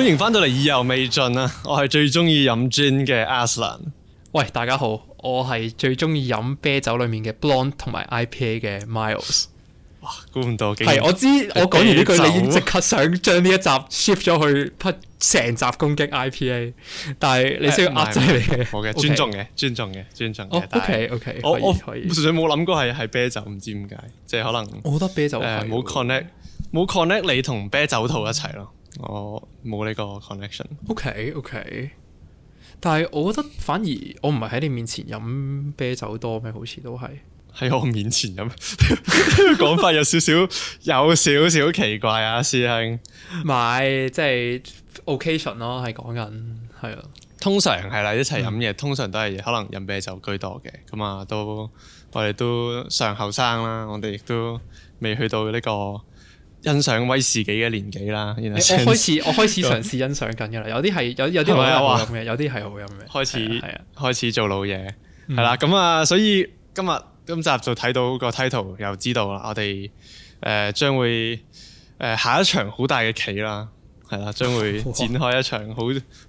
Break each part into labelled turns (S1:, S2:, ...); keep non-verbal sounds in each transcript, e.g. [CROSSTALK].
S1: 歡迎翻到嚟，意猶未盡啊。我係最中意飲 gin 嘅 Aslan。喂，大家好，我係最中意飲啤酒裏面嘅 blond 同
S2: 埋 IPA 嘅 Miles。哇，估唔到係我知，我講完呢句，你已經即刻想將呢一集 shift 咗去成集攻擊 IPA。但係你需要壓制你嘅，好嘅、啊，尊重嘅 Okay，
S1: 尊重嘅，尊重嘅。OK，OK，我以我純以粹冇諗過係係啤酒，唔知點解，即、就、係、是、可能。我覺得啤酒冇、呃、connect，冇 connect 你同啤酒套一齊咯。我冇呢個 connection。OK，OK，
S2: 但係我覺得反而我唔係喺你面前飲啤酒多咩？好似都係喺我
S1: 面前飲，講法有少少有少少奇怪啊，師兄。唔係， [LAUGHS] 即係 occasion 咯，係講緊係啊。通常係啦，一齊飲嘢，通常都係可能飲啤酒居多嘅，咁啊都我哋都上後生啦，我哋亦都未去到呢個，欣賞威士忌嘅年紀啦，欸，我開始我開始嘗
S2: 試欣賞緊噶啦，
S1: 有啲係有有啲好飲嘅，有啲係好飲嘅。開始係啊，的的開始做老嘢係啦，咁，嗯，啊，所以今日今集就睇到個 title 又知道啦，我哋誒將會誒，呃，下一場好大嘅棋啦，係啦，將會展開一場好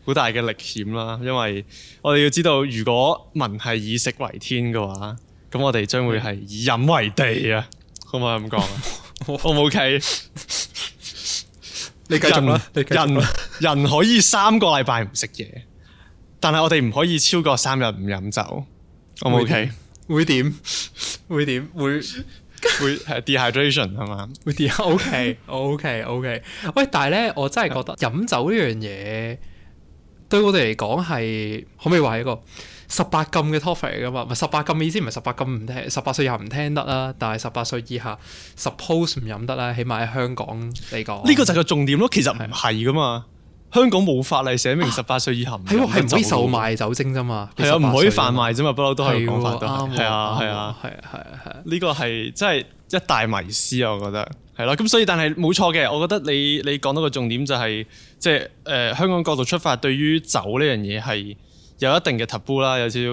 S1: 好大嘅歷險啦，因為我哋要知道，如果民係以食為天嘅話，咁我哋將會係以飲為地啊，可唔可以咁講啊？ [LAUGHS] 我冇計，你繼續啦。人你人，人可以三個禮拜唔食嘢，但係我哋唔可以超過三日唔飲酒。我冇計，會點？會點？會會 dehydration 係嘛？
S2: 會 dehydration？OK OK OK。 [NOISE] okay, okay, okay. 喂，但係咧，我真係覺得飲酒呢樣嘢對我哋嚟講係可唔可以話一個？十八禁嘅 topic 嚟噶嘛？唔係十八禁嘅意思，唔係十八禁唔聽，十八歲以下唔聽得啦。但係十八歲以下，suppose 唔飲得啦。起碼喺香港嚟講，呢個就係個
S1: 重點咯。其實唔係噶嘛，的香港冇法例寫明十八歲以下係唔、啊、可以售
S2: 賣酒精啫嘛。係啊，唔可以販賣
S1: 啫嘛。不嬲對對都係講法都係啊，係啊，係啊，係啊，呢個係真係一大迷思啊！我覺得係咯。咁所以但係冇錯嘅，我覺得你你講到個重點就係即係誒香港角度出發，對於酒呢樣嘢係。有一定嘅 taboo 啦，有少少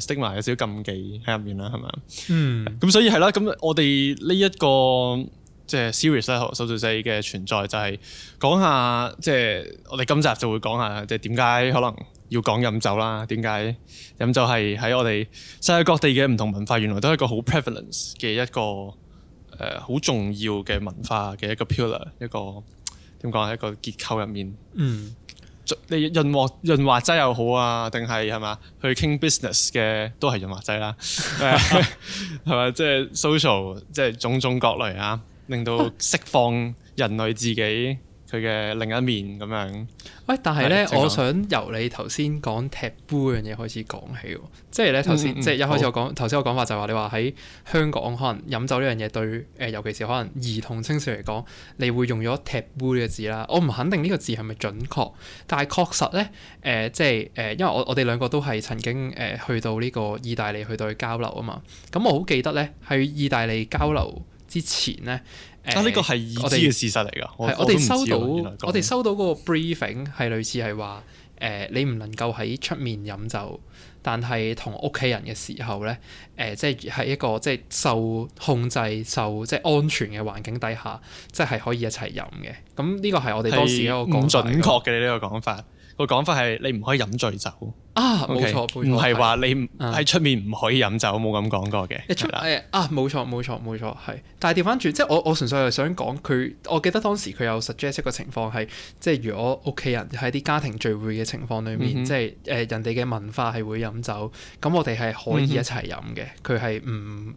S1: 誒 stigma，有少少禁忌喺入面啦，係咪？嗯。咁所以係啦，咁我哋呢一個即係 series 咧，收數劑嘅存在就係講下，即、就、係、是、我哋今集就會講下，即係點解可能要講飲酒啦？點解飲酒係喺我哋世界各地嘅唔同文化，原來都係一個好 prevalence 嘅一個誒好、呃、重要嘅文化嘅一個 pillar，一個點講一個結構入面。嗯。你潤滑潤滑劑又好啊，定係係嘛？去傾 business 嘅都係潤滑劑啦，係咪？即係 social，即係種種各類啊，令到釋放人類自己。佢嘅另一面咁樣，喂，但係咧，我想
S2: 由你頭先講踢杯嗰樣嘢開始講起，即係呢嗯嗯、即係咧頭先，即係一開始我講頭先好我講法就係話你話喺香港可能飲酒呢樣嘢對誒，尤其是可能兒童青少年嚟講，你會用咗踢杯呢個字啦。我唔肯定呢個字係咪準確，但係確實咧，誒、呃，即係誒，因為我我哋兩個都係曾經誒、呃、去到呢個意大利去到去交流啊嘛。咁我好記得咧，喺意大利交流之前咧。 [MUSIC] 啊！呢個係已知嘅事
S1: 實嚟㗎，我我哋收到，我哋
S2: 收到嗰個 briefing 係類似係話，誒、呃、你唔能夠喺出面飲酒，但係同屋企人嘅時候咧，誒即係係一個即係、就是、受控制、受即係安全嘅環境底下，即、就、係、是、可以一齊飲嘅。咁
S1: 呢個係我哋當時一個講法。唔準確嘅呢個講法，個講法係你唔可以飲醉酒。
S2: 啊，冇錯，唔係話你
S1: 喺出、嗯、面唔可以飲酒，冇咁講過嘅。
S2: 一出嚟，啊，冇了、啊、錯，冇錯，冇錯，係。但係調翻轉，即係我我純粹係想講佢，我記得當時佢有 suggest 一個情況係，即係如果屋企人喺啲家庭聚會嘅情況裡面，嗯、哼即係誒、呃、人哋嘅文化係會飲酒，咁我哋係可以一齊飲嘅。佢係唔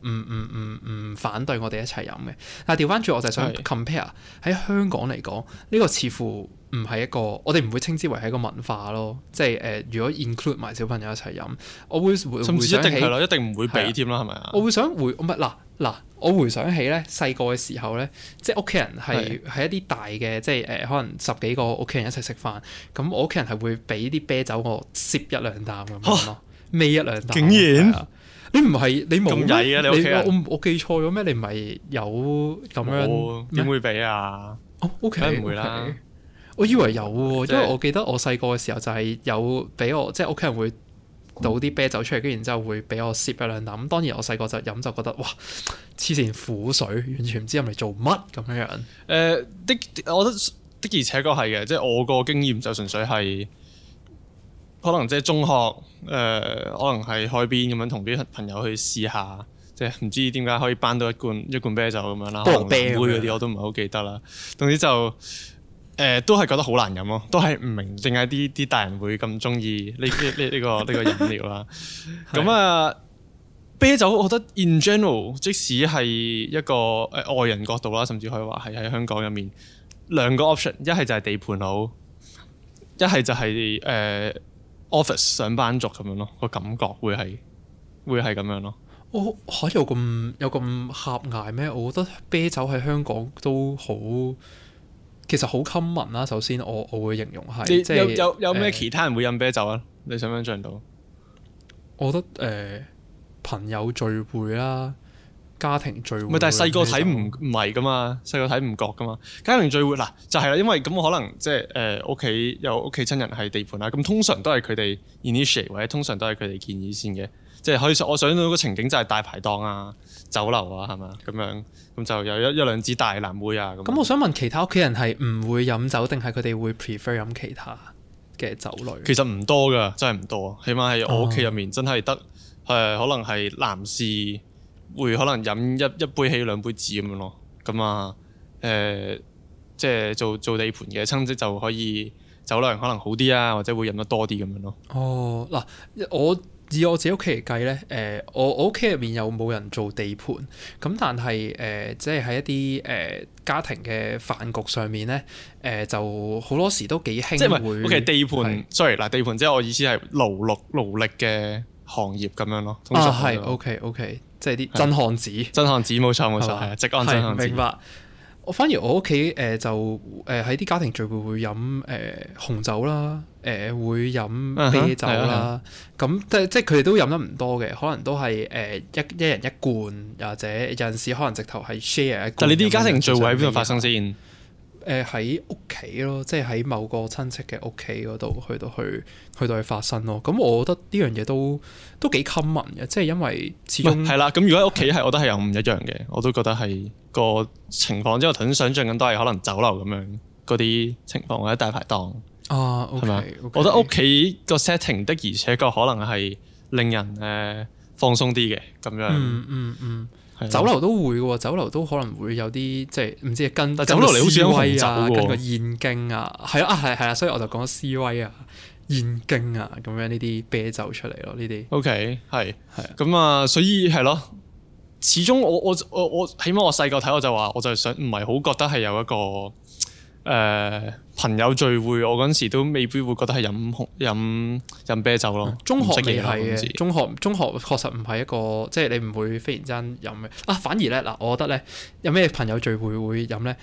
S2: 唔唔唔唔反對我哋一齊飲嘅。但係調翻轉，我就係想 compare 喺是香港嚟講，呢、呢個似乎唔係一個，我哋唔會稱之為係一個文化咯。即係誒、呃，如果現，埋小朋友一齊飲，我會回回想起一定係咯，一
S1: 定唔會俾添啦，係咪啊？
S2: 我會想回唔係嗱嗱，我回想起咧細個嘅時候咧，即係屋企人係喺一啲大嘅，即係誒可能十幾個屋企人一齊食飯，咁我屋企人係會俾啲啤酒我攝一兩啖咁咯，咩一兩啖？竟然你唔係你冇你屋企人我我記錯咗咩？你唔係有咁樣點會
S1: 俾啊？O K 唔會啦。
S2: 我以為有喎，因為我記得我細個嘅時候就係有俾我，即係屋企人會倒啲啤酒出嚟，跟住然之後會俾我攝一兩啖。咁當然我細個就飲就覺得哇黐線苦水，完全唔知入嚟做乜咁樣樣。
S1: 誒、呃、的，我覺得的而且確係嘅，即係我個經驗就純粹係可能即係中學誒、呃，可能係海邊咁樣同啲朋友去試下，即係唔知點解可以搬到一罐一罐啤酒咁樣啦，杯嗰啲我都唔係好記得啦。總之就。誒、呃、都係覺得好難飲咯，都係唔明點解啲啲大人會咁中意呢呢呢個呢個飲料啦。咁 [LAUGHS] 啊，啤酒我覺得 in general 即使係一個誒、呃、外人角度啦，甚至可以話係喺香港入面兩個 option，一係就係地盤佬，一係就係、是、誒、呃、office 上班族咁樣咯，個感覺會係會係咁樣咯。
S2: 我可、哦、有咁有咁狹隘咩？我覺得啤酒喺香港都好。其實好 common 啦，首先我我會形容係有是，有有咩
S1: 其他人會飲啤酒啊？呃、你想唔想像到？
S2: 我覺得誒、呃、朋友聚會啦，家庭聚會。但係細個睇唔
S1: 唔係噶嘛，細個睇唔覺噶嘛。家庭聚會嗱就係、是、啦，因為咁我可能即係誒屋企有屋企親人係地盤啦，咁通常都係佢哋 initiate 或者通常都係佢哋建議先嘅，即係可以想我想到個情景就係大排檔啊。酒樓啊，係嘛？咁樣，咁就有一一兩支大藍妹啊咁。咁樣我
S2: 想問其他屋企人係唔會飲酒，定係佢哋會 prefer 飲其他嘅酒類？其
S1: 實唔多㗎，真係唔多。起碼係我屋企入面真係得誒、哦，可能係男士會可能飲一一杯起兩杯止咁樣咯。咁啊誒、呃，即係做做地盤嘅親戚就可以酒量可能好啲啊，或者會飲得多啲咁樣咯。
S2: 哦，嗱我。以我自己屋企嚟計咧，誒、呃、我我屋企入面又冇人做地盤，咁但係誒、呃、即係喺一啲誒、呃、家庭嘅飯局上面咧，誒、呃、就好多時都幾興，即係唔係？O K 地
S1: 盤是，sorry 嗱地盤即係我意思係勞碌勞力嘅行業咁樣咯。樣啊，係 O K O K，即係啲真漢子，是真漢子冇錯冇錯，係啊，職安吧真漢子。明白。
S2: 我反而我屋企誒就誒喺啲家庭聚會會飲誒紅酒、呃 uh、huh，啦，誒會飲啤酒啦，咁、嗯、即即係佢哋都飲得唔多嘅，可能都係誒一一人一罐，或者有陣時可能直頭係 share 一罐。但你啲家庭聚會喺邊度發生先？誒喺屋企咯，即係喺某個親戚嘅屋企嗰度去到去去到去發生咯。咁、嗯、我覺得呢樣嘢都都 common 嘅，即係因為始終係啦。
S1: 咁、嗯、如果喺屋企係，我覺得係有唔一樣嘅，我都覺得係。個情況之後，我都想像緊都係可能酒樓咁樣嗰啲情況或者大排檔啊，係、okay, 嘛吧？Okay, 我覺得屋企個 setting 的，而且個可能係令人誒放鬆啲嘅咁樣。嗯嗯嗯、um. 對，酒
S2: 樓都會喎，酒樓都可能會有啲即係唔知跟,跟 v, 酒樓嚟好似有紅酒喎，跟個燕京啊，係啊係係啊，所以我就講 C 威啊、燕京啊咁樣呢啲
S1: 啤酒出嚟咯，呢啲 OK 係係咁啊，所以係咯。始終我我我我起碼我細個睇，我就話我就想唔係好覺得係有一個誒、呃、朋友聚會，我嗰陣時都未必會覺得係飲紅飲啤酒咯、嗯。中學未係嘅，
S2: 中學中學確實唔係一個即係、就是、你唔會忽然間飲嘅啊，反而咧嗱，我覺得咧有咩朋友聚會會飲咧？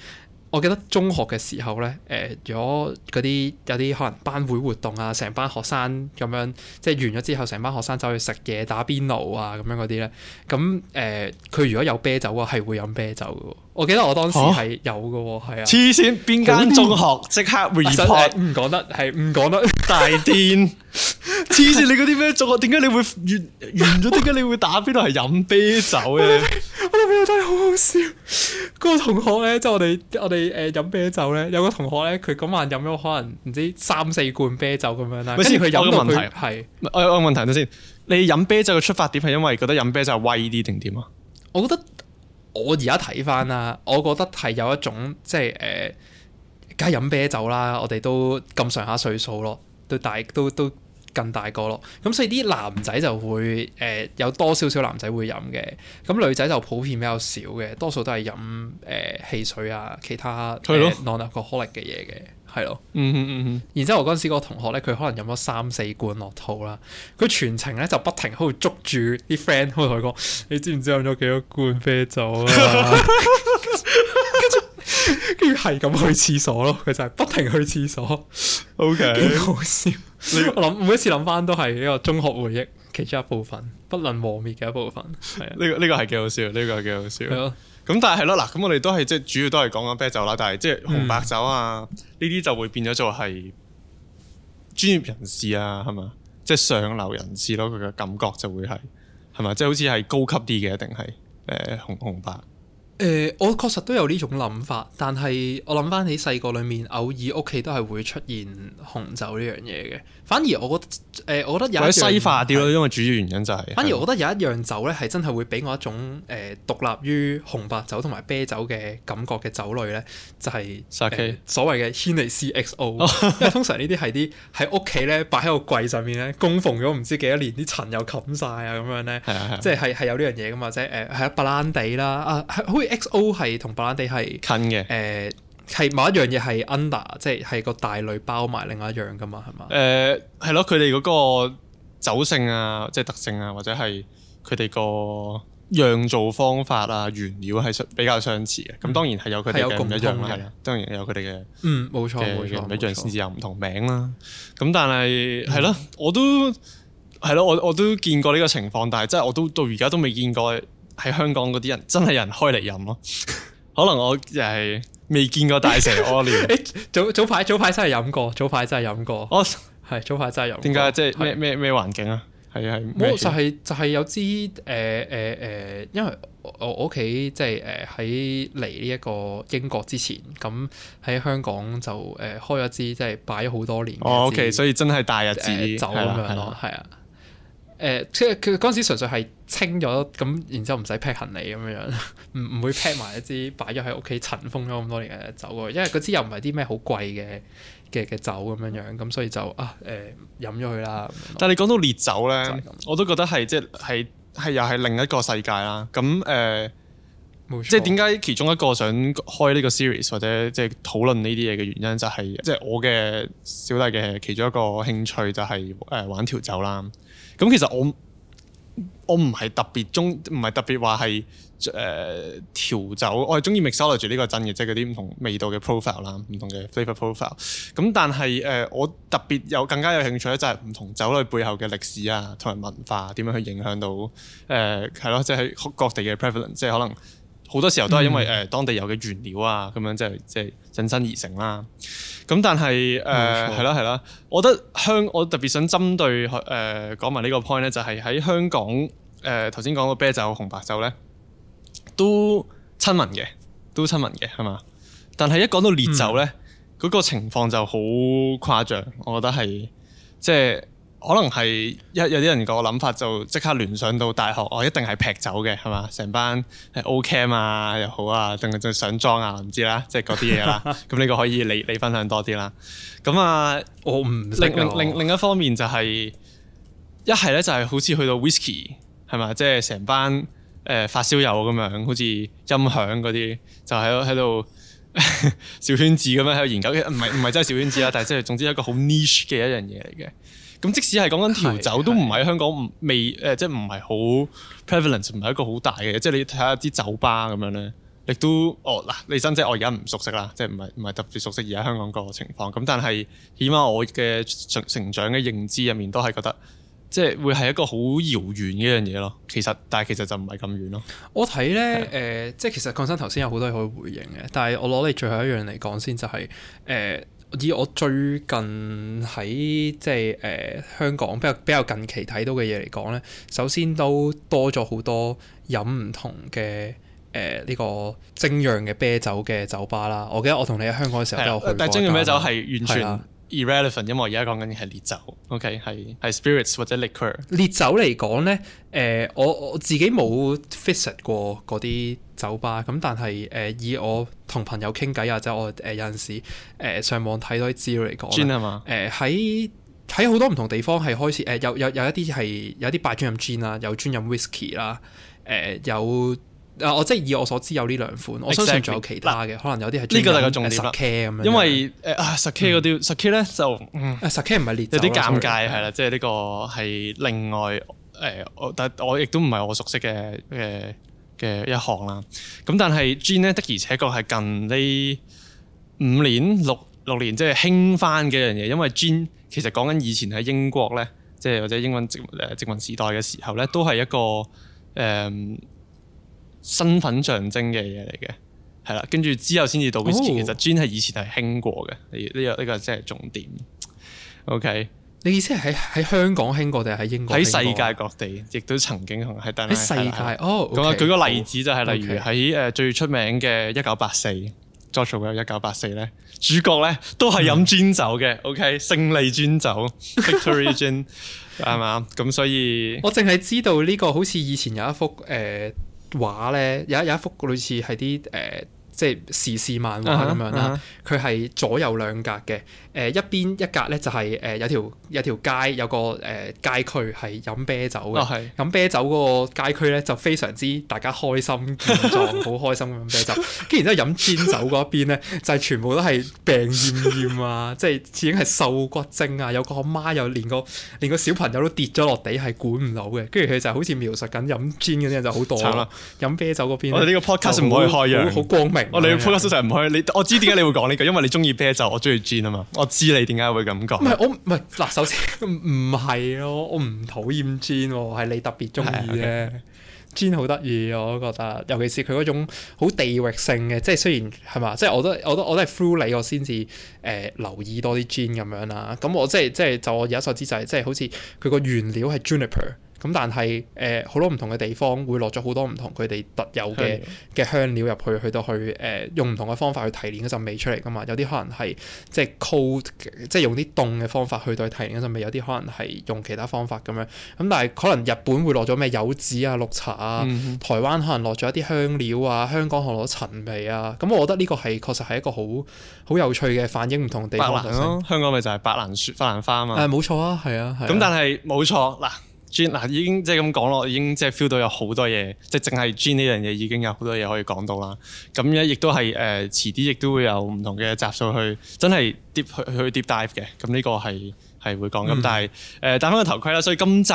S2: 我記得中學嘅時候咧、呃，如果嗰啲有啲可能班會活動啊，成班學生咁樣，即係完咗之後，成班學生走去食嘢、打邊爐啊，咁樣嗰啲咧，咁、嗯、誒，佢、呃、如果有啤酒啊，係會飲啤酒嘅喎。我記得我當時係有嘅，係啊！黐線
S1: 邊間中學即刻 report 唔講得係唔講得大電黐線！你嗰啲咩中學？點解你會完 [LAUGHS] 完咗？點解你會打邊度係飲啤酒嘅？我諗邊個真係好好笑？嗰、嗰個同學咧，即係、我哋我哋誒飲啤酒咧，有個同
S2: 學咧，佢嗰晚飲咗可能唔知三四罐啤酒咁樣啦。唔係，我有個問題，係
S1: 我有個問題先。你飲啤酒嘅出發點係因為覺得飲啤酒係威啲定點啊？
S2: 我覺得。我而家睇翻啦，我覺得係有一種即係誒，梗係飲啤酒啦，我哋都咁上下歲數咯，都大都都更大個咯，咁所以啲男仔就會誒、呃、有多少少男仔會飲嘅，咁女仔就普遍比較少嘅，多數都係飲誒汽水啊，其他 non-alcoholic 嘅嘢嘅。的係咯，嗯哼嗯嗯然之後我嗰陣時個同學咧，佢可能飲咗三四罐落肚啦，佢全程咧就不停喺度捉住啲 friend，喺度同佢講：你知唔知飲咗幾多罐啤酒啊？跟住， [LAUGHS] [LAUGHS] 跟住係咁去廁所咯，佢就係不停去廁所。O Okay , K，幾好笑。這個、 [LAUGHS] 我諗每一次諗翻都係呢個中學回憶，其中一部分不能磨滅嘅一部分。
S1: 係啊，呢、這個呢、這個係幾好笑，呢、這個係幾好笑。 [LAUGHS] 咁但係係咯，嗱，咁我哋都係即係主要都係講緊啤酒啦，但係即係紅白酒啊，呢啲、嗯、就會變咗做係專業人士啊，係嘛，即、就、係、是、上流人士咯、啊，佢嘅感覺就會係，係嘛，即、就、係、是、好似係高級啲嘅，一定係誒紅紅白。
S2: 誒、欸，我確實都有呢種諗法，但係我諗翻起細個裡面，偶爾屋企都係會出現紅酒呢樣嘢嘅。反而我覺得，誒、呃，我覺得有一個西化
S1: 啲咯，因為主要原因就係、是。反而我覺
S2: 得有一樣酒咧，係真係會俾我一種誒獨、呃、立於紅白酒同埋啤酒嘅感覺嘅酒類咧，就係、是凱呃、所謂嘅軒尼詩 XO。因為通常呢啲係啲喺屋企咧擺喺個櫃上面咧，供奉咗唔知幾多年，年，啲塵又冚晒啊咁樣咧，即係係有呢樣嘢噶嘛，或者係誒係白蘭地啦啊，好 XO 係同白蘭地係近嘅的，誒係、呃、某一樣嘢係 under，即係個大類包埋另外一樣噶嘛，係嘛？
S1: 誒係咯，佢哋嗰個酒性啊，即係特性啊，或者係佢哋個釀造方法啊、原料係比較相似嘅。咁當然係有佢哋嘅唔一樣啦，當然有佢哋嘅嗯，冇錯冇錯，唔一樣，先至有唔同名啦、啊。咁、嗯、但係係咯，我都係咯，我我都見過呢個情況，但係真係我到都到而家都未見過，過。喺香港嗰啲人真係人開嚟飲咯， [LAUGHS] 可能我就係未見過大蛇屙尿， [LAUGHS] 早早排早排真係飲過，早排真係飲過。我係、哦、早排真係飲過。點解對 即係咩咩咩環境啊？係啊係。就係、係、
S2: 就係、係、有支誒誒誒，因為我屋企即係誒喺嚟呢一個英國之前，咁喺香港就誒開咗支即係、就係、擺咗好多年。哦、o、okay, k 所以真係大日子、呃、走咁樣咯，係啊。誒，即係佢嗰陣時純粹係清咗，咁然之後唔使 pack 行李咁樣樣，唔唔會 pack 埋一支擺咗喺屋企塵封咗咁多年嘅酒，因為嗰支又唔係啲咩好貴嘅嘅嘅酒咁樣樣，咁所以就啊誒飲咗佢
S1: 啦。呃、但係你講到烈酒咧，我都覺得係即係係係又係另一個世界啦。咁誒。呃即係點解其中一個想開呢個 series 或者即係討論呢啲嘢嘅原因，就係即係我嘅小弟嘅其中一個興趣就係誒玩調酒啦。咁、嗯、其實我我唔係特別中，唔係特別話係誒調酒，我係中意 mixology 呢個陣嘅，即係嗰啲唔同味道嘅 prof profile 啦，唔同嘅 flavor profile。咁但係誒我特別有更加有興趣咧，就係唔同酒類背後嘅歷史啊，同埋文化點樣去影響到誒係咯，即、呃、係、就是、各地嘅 prevalence，即係可能。好多時候都係因為誒當地有嘅原料啊，咁、嗯、樣即係即係紮身而成啦、啊。咁但係誒係啦係啦，我覺得香我特別想針對誒、呃、講埋呢個 point 咧，就係、是、喺香港誒頭先講個啤酒紅白酒咧都親民嘅，都親民嘅係嘛？但係一講到烈酒咧，嗰、嗯、個情況就好誇張，我覺得係即係。就是可能係有有啲人個諗法就即刻聯想到大學，我、哦、一定係劈酒嘅，係嘛？成班係 OK 啊又好啊，定係再上裝啊，唔知啦，即係嗰啲嘢啦。咁呢 [LAUGHS] 個可以你你分享多啲啦。咁啊，我唔另另另另一方面就係、是、一係咧就係好似去到 Whisky 係嘛，即係成班誒、呃、發燒友咁樣，好似音響嗰啲，就喺度喺度小圈子咁樣喺度研究，唔係唔係真係小圈子啦，但係即係總之一個好 niche 嘅一樣嘢嚟嘅。咁即使係講緊調酒，是的 都唔係香港未誒是的、呃，即係唔係好 prevalence，唔係一個好大嘅，即係你睇下啲酒吧咁樣咧，亦都哦嗱，你真姐我而家唔熟悉啦，即係唔係唔係特別熟悉而家香港個情況。咁但係，起碼我嘅成成長嘅認知入面都係覺得，即係會係一個好遙遠嘅一樣嘢咯。其實，但係其實就唔係咁遠咯。
S2: 我睇咧誒，即係是的、呃、其實康生頭先有好多嘢可以回應嘅，但係我攞你最後一樣嚟講先、就係，就係誒。以我最近喺即係誒、呃、香港比較比較近期睇到嘅嘢嚟講咧，首先都多咗好多飲唔同嘅誒呢個精釀嘅啤酒嘅酒吧啦。我記得我同你喺香港嘅時候的都有去過一個一個。但係精釀啤酒係完全
S1: irrelevant，的因為我而家講緊嘅係烈酒。OK 係係 spirits 或者 liquor。
S2: 烈酒嚟講咧，誒、呃、我我自己冇 fixed 過嗰啲酒吧咁，但係誒以我同朋友傾偈，呃 Gin, 呃呃呃、啊，即係我誒有陣時誒上網睇多啲資料嚟講，誒喺喺好多唔同地方係開始誒有有有一啲係有啲白樽飲 Gin 啦，有 Gin Whisky 啦，誒有啊我即係以我所知有呢兩款，Exactly. 我相信仲有其他嘅，可能有啲係呢個大仲要 Sake 咁樣，因為
S1: 誒啊 Sake 嗰啲 Sake 咧就嗯 Sake 唔係烈酒有啲尷尬係啦，即係呢個係另外誒，但我亦都唔係我熟悉嘅嘅。呃嘅一項啦，咁但係 Gin 呢的而且確係近呢五年六六年即係興返嘅一樣嘢，因為 Gin 其實講緊以前喺英國呢，即係或者英文殖、殖民時代嘅時候呢，都係一個誒、呃、身份象徵嘅嘢嚟嘅，係啦，跟住之後先至到、oh. 其實 Gin 係以前係興過嘅，呢、這、呢個呢、這個即係重點。OK。你意思係喺喺香港興過定係喺英國？喺世界各地，亦都曾經係但喺世界的哦。咁啊，舉個例子就係、是，哦、例如喺誒、哦 okay. 最出名嘅《一九八四 George Orwell 一九八四咧，主角咧都係飲 Gin 酒嘅、嗯、OK，勝利 Gin 酒，Victory Gin 係嘛？ [LAUGHS] 咁所以我
S2: 淨係知道呢、這個好似以前有一幅誒、呃、畫咧，有有一幅類似係啲誒。呃即係時事漫畫咁樣啦，佢係、uh huh, uh huh. 左右兩格嘅，誒一邊一格咧就係誒有條有條街有個誒街區係飲啤酒嘅，飲、oh, yes. 啤酒嗰個街區咧就非常之大家開心健壯，好 [LAUGHS] 開心飲啤酒，跟住然之後飲煎酒嗰一邊咧就係全部都係病厭厭啊，即係似已經係瘦骨精啊，有個阿媽又連個連個小朋友都跌咗落地係管唔到嘅，跟住佢就好似描述緊飲煎嗰啲人就好多啦，了飲啤酒嗰邊咧呢個 podcast 唔很可以開陽，好光明，光明我哋要吉斯就
S1: 係唔去。 [MUSIC] 你，我知點解你會講呢句，因為你中意啤酒，我中意 gin 啊嘛，我知你點解會咁講。唔係，我
S2: 唔係嗱，首先唔係咯，我唔討厭 gin 喎，係你特別中意啫。gin 好得意，我都覺得，尤其是佢嗰種好地域性嘅，即係雖然係嘛，即係我都我都我都係 through 你我先至誒留意多啲 gin 咁樣啦。咁我即係即係就我有所知就係、是、即係好似佢個原料係 juniper。咁但係誒好多唔同嘅地方會落咗好多唔同佢哋特有嘅嘅香料入去，去到去誒、呃、用唔同嘅方法去提煉嗰陣味出嚟噶嘛。有啲可能係即係即係用啲凍嘅方法去到提煉嗰陣味，有啲可能係用其他方法咁樣。咁但係可能日本會落咗咩柚子啊、綠茶啊，嗯、哼台灣可能落咗一啲香料啊，香港可能落咗陳皮啊。咁、嗯、我覺得呢個係確實係一個好好有趣嘅反映唔
S1: 同地方性、就是啊。香港咪就係白蘭雪、白蘭花啊嘛。冇、
S2: 啊、錯啊，係啊。咁、啊啊、但
S1: 係冇錯嗱。嗱已經即係咁講咯，已經即係 feel 到有好多嘢，即係淨係 gin 呢樣嘢已經有好多嘢可以講到啦。咁亦都係誒、呃、遲啲亦都會有唔同嘅集數去真係 deep 去去 deep dive 嘅。咁、這、呢個係係會講咁、嗯呃，但係誒戴翻個頭盔啦。所以今集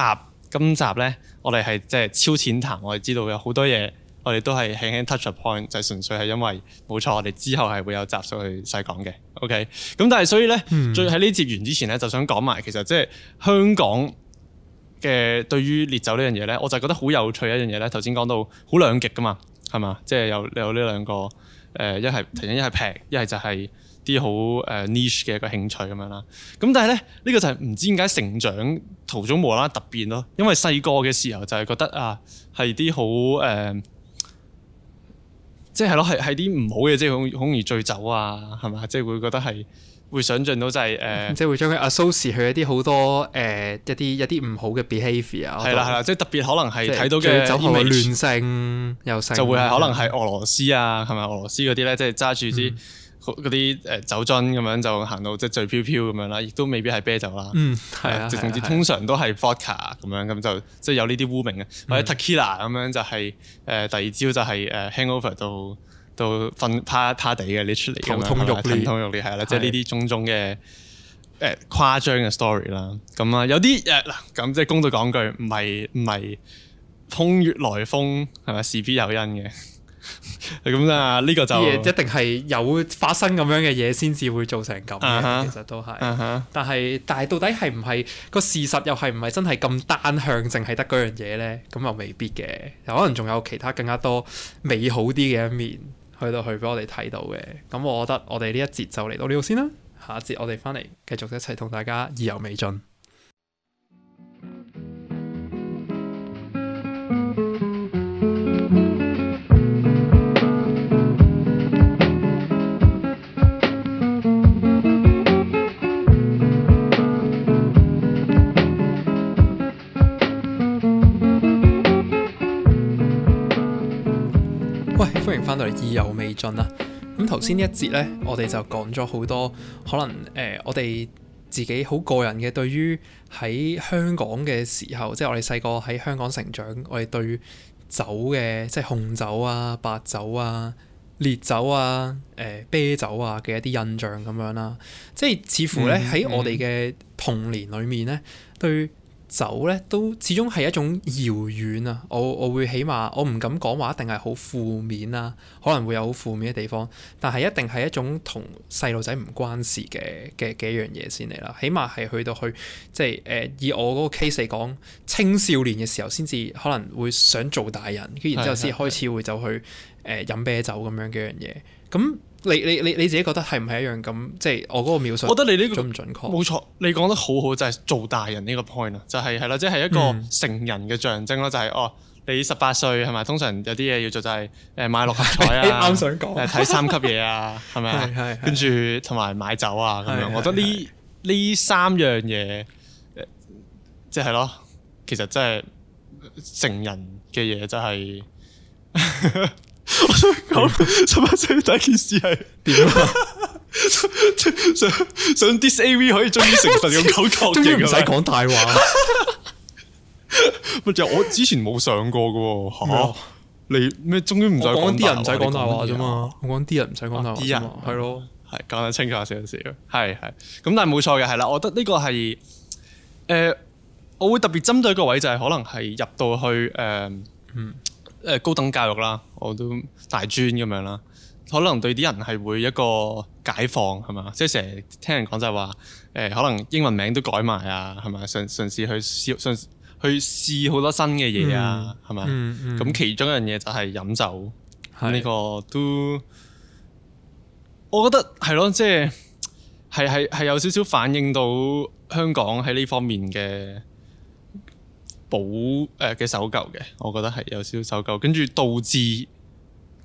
S1: 今集咧，我哋係即係超淺談。我哋知道有好多嘢，我哋都係輕輕 touch the point，就純粹係因為冇錯，我哋之後係會有集數去細講嘅。OK，咁但係所以咧，嗯、最喺呢節完之前咧，就想講埋其實即係香港。嘅對於烈酒呢樣嘢咧，我就覺得好有趣一樣嘢咧。頭先講到好兩極噶嘛，係嘛？即、就、係、是、有有呢兩個誒，呃是就是、一係頭先一係劈，一係就係啲好誒 niche 嘅一個興趣咁樣啦。咁但係咧，呢、這個就係唔知點解成長途中無啦啦突變咯。因為細個嘅時候就係覺得啊，係啲、呃就是、好誒，即係係咯係係啲唔好嘅，即係好好容易醉酒啊，係嘛？即、就、係、是、會覺得係。會想像到就係、是、誒、呃呃啊啊，即係會將佢 associate 去一啲好多誒一啲一啲唔好嘅
S2: behaviour。係啦係啦，即係特
S1: 別可能係睇到嘅酒後亂性又性就會係可能係俄羅斯啊，係咪、嗯、俄羅斯嗰啲咧？即係揸住啲嗰啲誒酒樽咁樣就行到即係醉飄飄咁樣啦，亦都未必係啤酒啦。嗯，係啊，甚至通常都係 vodka 咁樣咁就即係、就是、有呢啲污名嘅，嗯、或者 tequila 咁樣就係、是、誒、呃、第二朝就係誒 hangover 到。都瞓趴趴地嘅，你出嚟通肉，陳通肉，利係啦，即係呢啲種種嘅誒誇張嘅 story 啦。咁啊，有啲嗱，咁，即係公道講句，唔係唔係空穴來風，係咪事必有因嘅？咁 [LAUGHS] 啊，呢、呢個就一定係有發生咁樣嘅嘢，先至會做成
S2: 咁、uh huh，其實都係、uh huh，但係但係到底係唔係個事實，又係唔係真係咁單向，淨係得嗰樣嘢咧？咁又未必嘅，有可能仲有其他更加多美好啲嘅一面。去到去畀我哋睇到嘅，咁我覺得我哋呢一節就嚟到呢度先啦，下一節我哋返嚟繼續一齊同大家意猶未盡。意猶未盡啊！咁頭先呢一節呢，我哋就講咗好多，可能誒、呃、我哋自己好個人嘅對於喺香港嘅時候，即係我哋細個喺香港成長，我哋對於酒嘅，即係紅酒啊、白酒啊、烈酒啊、誒、呃、啤酒啊嘅一啲印象咁樣啦，即係似乎呢，喺、嗯嗯、我哋嘅童年裏面呢，對。酒咧都始終係一種遙遠啊！我我會起碼我唔敢講話，一定係好負面啊，可能會有好負面嘅地方，但係一定係一種同細路仔唔關事嘅嘅一樣嘢先嚟啦。起碼係去到去即係誒、呃，以我嗰個 case 嚟講，青少年嘅時候先至可能會想做大人，跟住然之後先開始會走去誒飲、呃、啤酒咁樣嘅樣嘢，咁、嗯。你你你你自己覺得係唔係一樣咁？即係我嗰
S1: 個描述我覺得你呢個準唔準確？冇錯，你講得好好，就係、是、做大人呢個 point 啊，就係係咯，即係、就是、一個成人嘅象徵咯，就係、是、哦，你十八歲係咪？通常有啲嘢要做就係誒買六合彩啊，啱 [LAUGHS] 想講，睇三級嘢啊，係咪？ [LAUGHS] 跟住同埋買酒啊咁樣，是是是是我覺得呢呢是三樣嘢，即係咯，其實真係成人嘅嘢就係、是。 [LAUGHS] 我想講，十八歲第一件事係點啊？想想 disav 可以終於成熟 [LAUGHS] 用感覺嘅，唔使講大話。乜就我之前冇上過嘅，吓、啊、 [LAUGHS] 你咩？終於唔再講啲人唔使講大話啫嘛。
S2: 我講啲人唔使講大話，係
S1: 咯，係講得清,清楚少少。係係咁，但係冇錯嘅，係啦。我覺得呢個係誒、呃，我會特別針對一個位，就係可能係入到去誒，呃、嗯。誒高等教育啦，我都大專咁樣啦，可能對啲人係會一個解放係嘛？即係成日聽人講就係話誒，可能英文名都改埋啊，係咪？嘗嘗試去試，去試好多新嘅嘢啊，係嘛？咁其中一樣嘢就係飲酒，呢是的 個都我覺得係咯，即係係係係有少少反映到香港喺呢方面嘅保誒嘅守舊嘅，我覺得係有少少守舊，跟住導致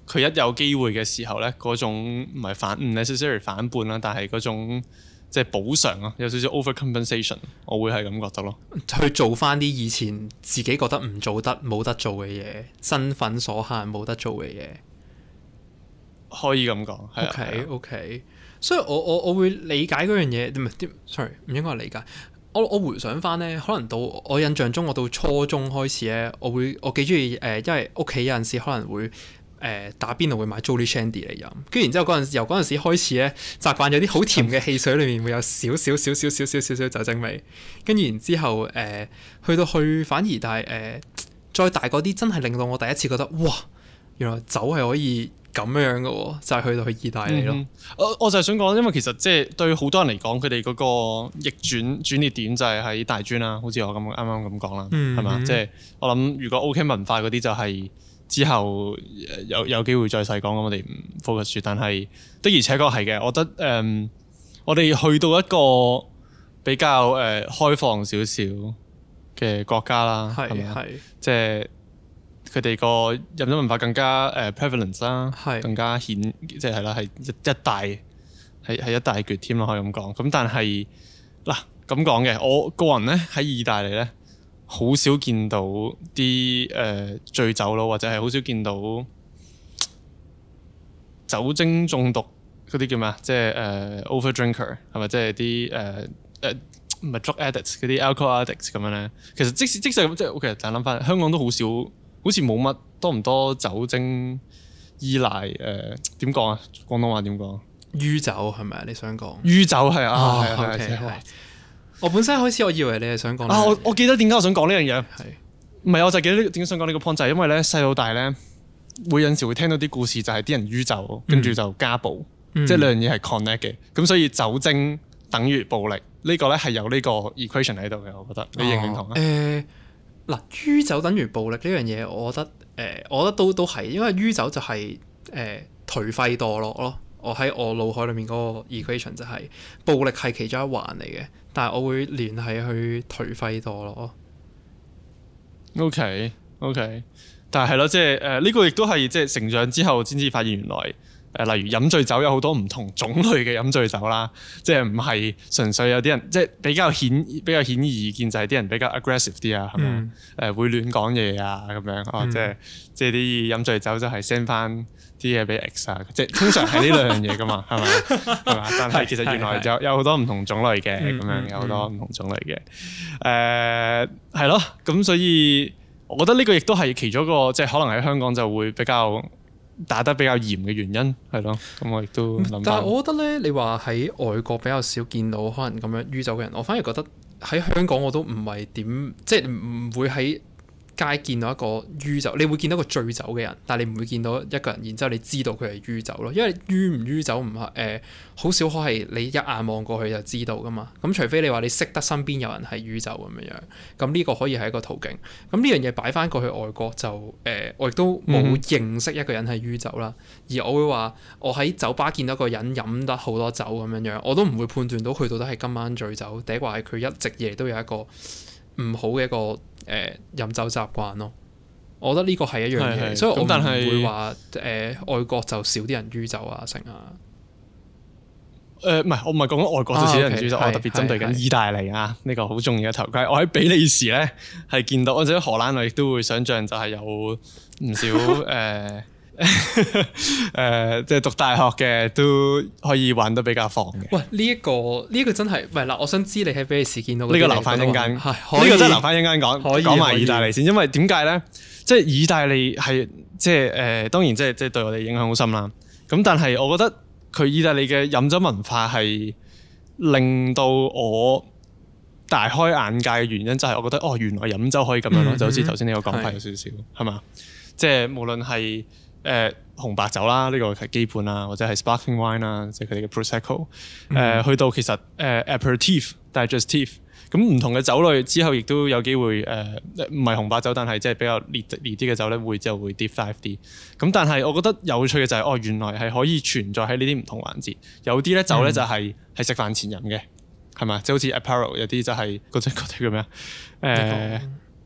S1: 佢一有機會嘅時候呢，嗰種唔係反，唔係少少反叛啦，但係嗰種即係補償啊，有少少 overcompensation，我會係咁覺得咯。
S2: 去做翻啲以前自己覺得唔做得、冇得做嘅嘢，身份所限冇得做嘅嘢，可以咁講。OK，OK，okay, okay. 對，所以我我我會理解嗰樣嘢，sorry，唔應該理解。我我回想翻咧，可能到我印象中，我到初中開始咧，我會我幾中意誒，因為屋企有陣時可能會誒打邊爐會買 Jolly Shandy 嚟飲，跟住然之後嗰陣由嗰陣時開始咧，習慣咗啲好甜嘅汽水，裡面會有少少少少少少少少酒精味，跟住然之後誒去到去反而但係誒再大嗰啲真係令到我第一次覺得哇，原來酒係可以。咁樣嘅喎，就係、是、去到去意
S1: 大利咯、嗯。我我就係想講，因為其實即係對好多人嚟講，佢哋嗰個逆轉轉捩點就係喺大專啦。好似我咁啱啱咁講啦，係嘛、嗯嗯？即係、就是、我諗，如果 OK 文化嗰啲就係之後有有,有機會再細講咁，我哋唔 focus 但係的而且確係嘅，我覺得誒、嗯，我哋去到一個比較誒開放少少嘅國家啦，係係即係。佢哋個飲酒文化更加誒 prevalence 啦，呃、是更加顯，即係係啦，係一一大係係一,一大橛添咯，可以咁講。咁但係嗱咁講嘅，我個人咧喺意大利咧，好少見到啲誒、呃、醉酒佬，或者係好少見到酒精中毒嗰啲叫咩啊？即係誒 overdrinker 係咪？即係啲誒誒唔係 drug addicts 嗰啲 alcohol addicts 咁樣咧？其實即使即使咁即係 OK，但係諗翻香港都好少。好似冇乜多唔多酒精依賴誒？點講啊？廣東話點講？酗酒係咪啊？你想講？酗酒係啊。我本身開始我以為你係想講啊！我我記得點解我想講呢樣嘢係唔係？我就記得點想講呢個 point 就係，因為咧細到大咧會有時會聽到啲故事，就係啲人酗酒，跟住就家暴，即係兩樣嘢係 connect 嘅。咁所以酒精等於暴力呢個咧，係有呢個 equation 喺度嘅。我覺得，你認唔認同啊？誒。
S2: 嗱，酗酒等於暴力呢樣嘢，我覺得，誒、呃，我覺得都都係，因為酗酒就係誒頹廢墮落咯。我喺我腦海裏面嗰個 equation 就係、是、暴力係其中一環嚟嘅，但係我會聯繫去頹廢墮落。
S1: OK，OK，但係係咯，即係誒呢個亦都係即係成長之後先至發現原來。誒，例如飲醉酒有好多唔同種類嘅飲醉酒啦，即係唔係純粹有啲人，即係比較顯比較顯而易見就係啲人比較 aggressive 啲啊，係嘛？誒，會亂講嘢啊，咁樣哦、嗯，即係即係啲飲醉酒就係 send 翻啲嘢俾 ex 啊，即係通常係呢兩樣嘢㗎嘛，係咪 [LAUGHS] 吧？係嘛？但係其實原來就有有好多唔同種類嘅，咁、嗯嗯、樣有好多唔同種類嘅，誒、呃、係咯，咁所以我覺得呢個亦都係其中一個，即係可能喺香港就會比較打得比較嚴嘅原因係咯，咁我亦都諗，但係
S2: 我覺得咧，你話喺外國比較少見到可能咁樣酗酒嘅人，我反而覺得喺香港我都唔係點，即係唔會喺街見到一個酗酒，你會見到個醉酒嘅人，但係你唔會見到一個人，然之後你知道佢係酗酒咯，因為酗唔酗酒唔係誒，好、呃、少可係你一眼望過去就知道㗎嘛。咁、嗯、除非你話你識得身邊有人係酗酒咁樣樣，咁、這、呢個可以係一個途徑。咁呢樣嘢擺翻過去外國就誒、呃，我亦都冇認識一個人係酗酒啦。嗯、哼而我會話我喺酒吧見到一個人飲得好多酒咁樣樣，我都唔會判斷到佢到底係今晚醉酒，第一個係佢一直夜都有一個。唔好嘅一個誒、呃、飲酒習慣咯，我覺得呢個係一樣嘢，的所以我唔會話誒是、呃、
S1: 外國就少啲人酗酒啊、成、呃、啊。誒唔係，的我唔係講緊外國就少啲人酗酒，我特別針對緊意大利啊，呢的個好重要嘅頭盔。我喺比利時咧係見到，或者荷蘭我亦都會想象就係有唔少誒。 [LAUGHS] 呃誒，即係、 [LAUGHS] 呃、讀大學嘅都可以玩得比較放嘅。喂，
S2: 呢一個呢個真係唔係嗱，我想知你喺比利時見到呢個留翻一間，呢個真係留翻
S1: 一間講可以講埋意大利先，因為點解咧？即係意大利係即係誒，當然即係即係對我哋影響好深啦。咁但係我覺得佢意大利嘅飲酒文化係令到我大開眼界嘅原因，就係我覺得哦，原來飲酒可以咁樣咯，就好似頭先你個講法有少少係嘛，即係無論係。誒、呃、紅白酒啦，呢、這個係基本啦，或者係 sparkling wine 啦，即、就、係、是、佢哋嘅 prosecco、嗯。誒、呃、去到其實誒 aperitif digestif。咁、呃、唔同嘅酒類之後亦都有機會誒，唔、呃、係紅白酒，但係即係比較烈烈啲嘅酒咧，會之後就會 deep dive 啲。咁但係我覺得有趣嘅就係、是、哦，原來係可以存在喺呢啲唔同環節。有啲咧酒咧就係喺食飯前飲嘅，係咪？即就是、好似 apparel，有啲就係嗰種嗰啲叫咩啊？誒。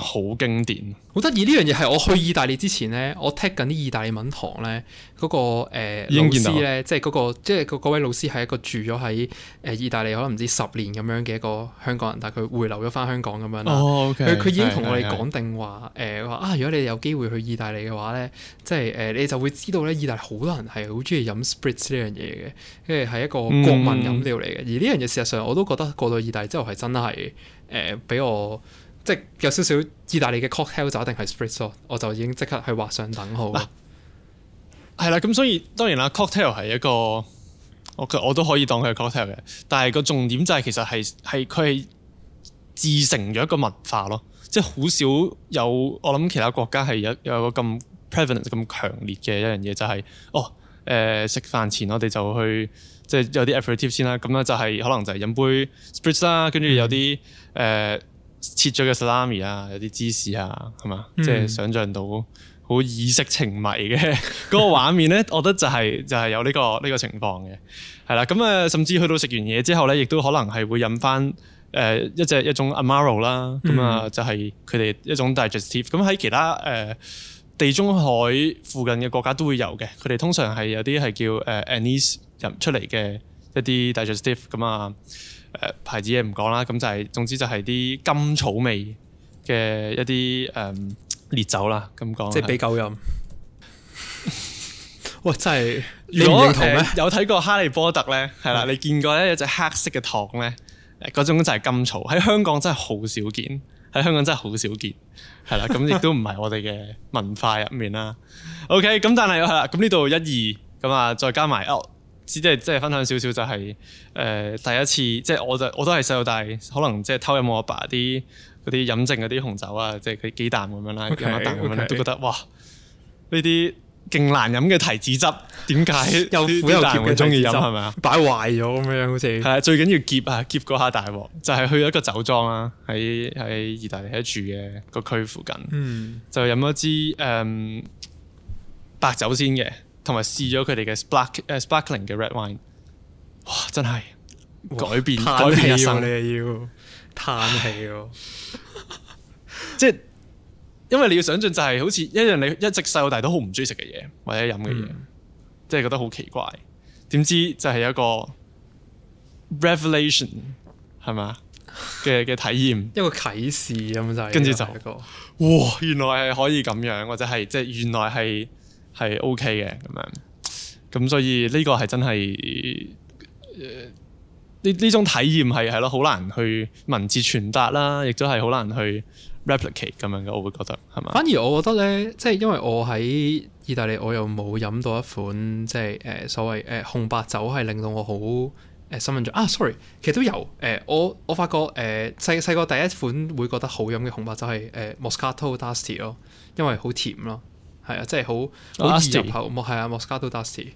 S1: 好經典，
S2: 好得意，呢樣嘢係我去意大利之前咧，我聽緊啲意大利文堂咧，嗰、那個誒、呃、老師咧，即係嗰個即係嗰位老師係一個住咗喺誒意大利可能唔知十年咁樣嘅一個香港人，但係佢回流咗翻香港咁樣，佢已經同我哋講定話誒話啊，如果你有機會去意大利嘅話咧，即係誒你就會知道咧，意大利好多人係好中意飲 Spritz 呢樣嘢嘅，跟住係一個國民飲料嚟嘅。嗯、而呢樣嘢事實上我都覺得過到意大利之後係真係誒俾我。
S1: 即係有少少意大
S2: 利嘅 cocktail 就一定係 spritz，我就已經即刻去畫上等號。嗱、
S1: 啊，係啦，咁所以當然啦，cocktail 係一個我我都可以當佢 cocktail 嘅，但係個重點就係、是、其實係係佢係自成咗一個文化咯。即係好少有我諗其他國家係有有個咁 prevalence 咁強烈嘅一樣嘢，就係、是、哦誒食、呃、飯前我哋就去即係、就是、有啲 appetitive 先啦、就是。咁咧就係可能就係飲杯 spritz 啦，跟住有啲誒。呃切咗嘅 salami 啊，有啲芝士啊，係嘛？嗯、即係想像到好意識情迷嘅嗰個畫面呢， [LAUGHS] 我覺得就係、係、就係、係、有呢、呢個呢、呢個情況嘅。係啦，咁啊，甚至去到食完嘢之後呢，亦都可能係會飲翻誒一隻一種，種 amaro 啦。咁啊，就係佢哋一種 digestive。咁喺其他誒、呃、地中海附近嘅國家都會有嘅。佢哋通常係有啲係叫誒、呃、anise 入出嚟嘅一啲 digestive 咁啊。誒、呃，牌子嘢唔講啦，咁就係總之就係啲甘草味嘅一啲誒、呃、烈酒啦，咁講光。即係俾狗飲。哇！ [LAUGHS] 真係，你認同咩、呃？有睇過《哈利波特》咧，係啦，你見過咧一隻黑色嘅糖咧？誒，嗰種就係甘草，喺香港真係好少見，喺香港真係好少見，係啦，咁亦都唔係我哋嘅文化入面啦。 [LAUGHS] OK，咁但係係啦，咁呢度一二，咁啊再加埋 o 先即係即係分享少少，就是，就係誒第一次，即係我就我都係細到大，但可能即係偷飲我阿爸啲啲飲剩嗰啲紅酒啊，即係佢幾啖咁樣啦，飲 Okay, okay. 一啖咁樣都覺得哇！呢啲勁難飲嘅提子汁，點解又苦又澀嘅中意飲係咪啊？是是擺
S2: 壞咗咁
S1: 樣，好似係啊！ [LAUGHS] [LAUGHS] 最緊要劫啊！劫嗰下大鑊，就係、是、去一個酒莊啦，喺喺意大利住嘅個區附近， [LAUGHS] 就飲一支誒、嗯、白酒先嘅。同埋試咗佢哋嘅 sparkling 嘅 red wine，哇！真係改變，嘆你又要嘆氣喎、啊。即係因為你要想像就係好似一樣你一直細個但係都好唔中意食嘅嘢或者飲嘅嘢，嗯、即係覺得好奇怪。點知就係一個 revelation 係咪嘅嘅體驗， [LAUGHS] 一個啟示咁、就係、就。跟住就哇，原來係可以咁樣，或者係即係原來係。係 OK 嘅咁樣，咁所以呢個係真係呢呢種體驗係係咯，好難去文字傳達啦，亦都係好難去 replicate 咁樣嘅，我會覺得係
S2: 嘛。反而我覺得咧，即係因為我喺意大利，我又冇飲到一款即係誒、呃、所謂誒、呃、紅白酒係令到我好誒心欣賞啊。Sorry，其實都有誒、呃，我我發覺誒細細個第一款會覺得好飲嘅紅白酒係誒 Moscato d'Asti 咯，呃、dusty，因為好甜咯。係啊，即係 Asti. 好好易入口。莫係啊 Moscato d'Asti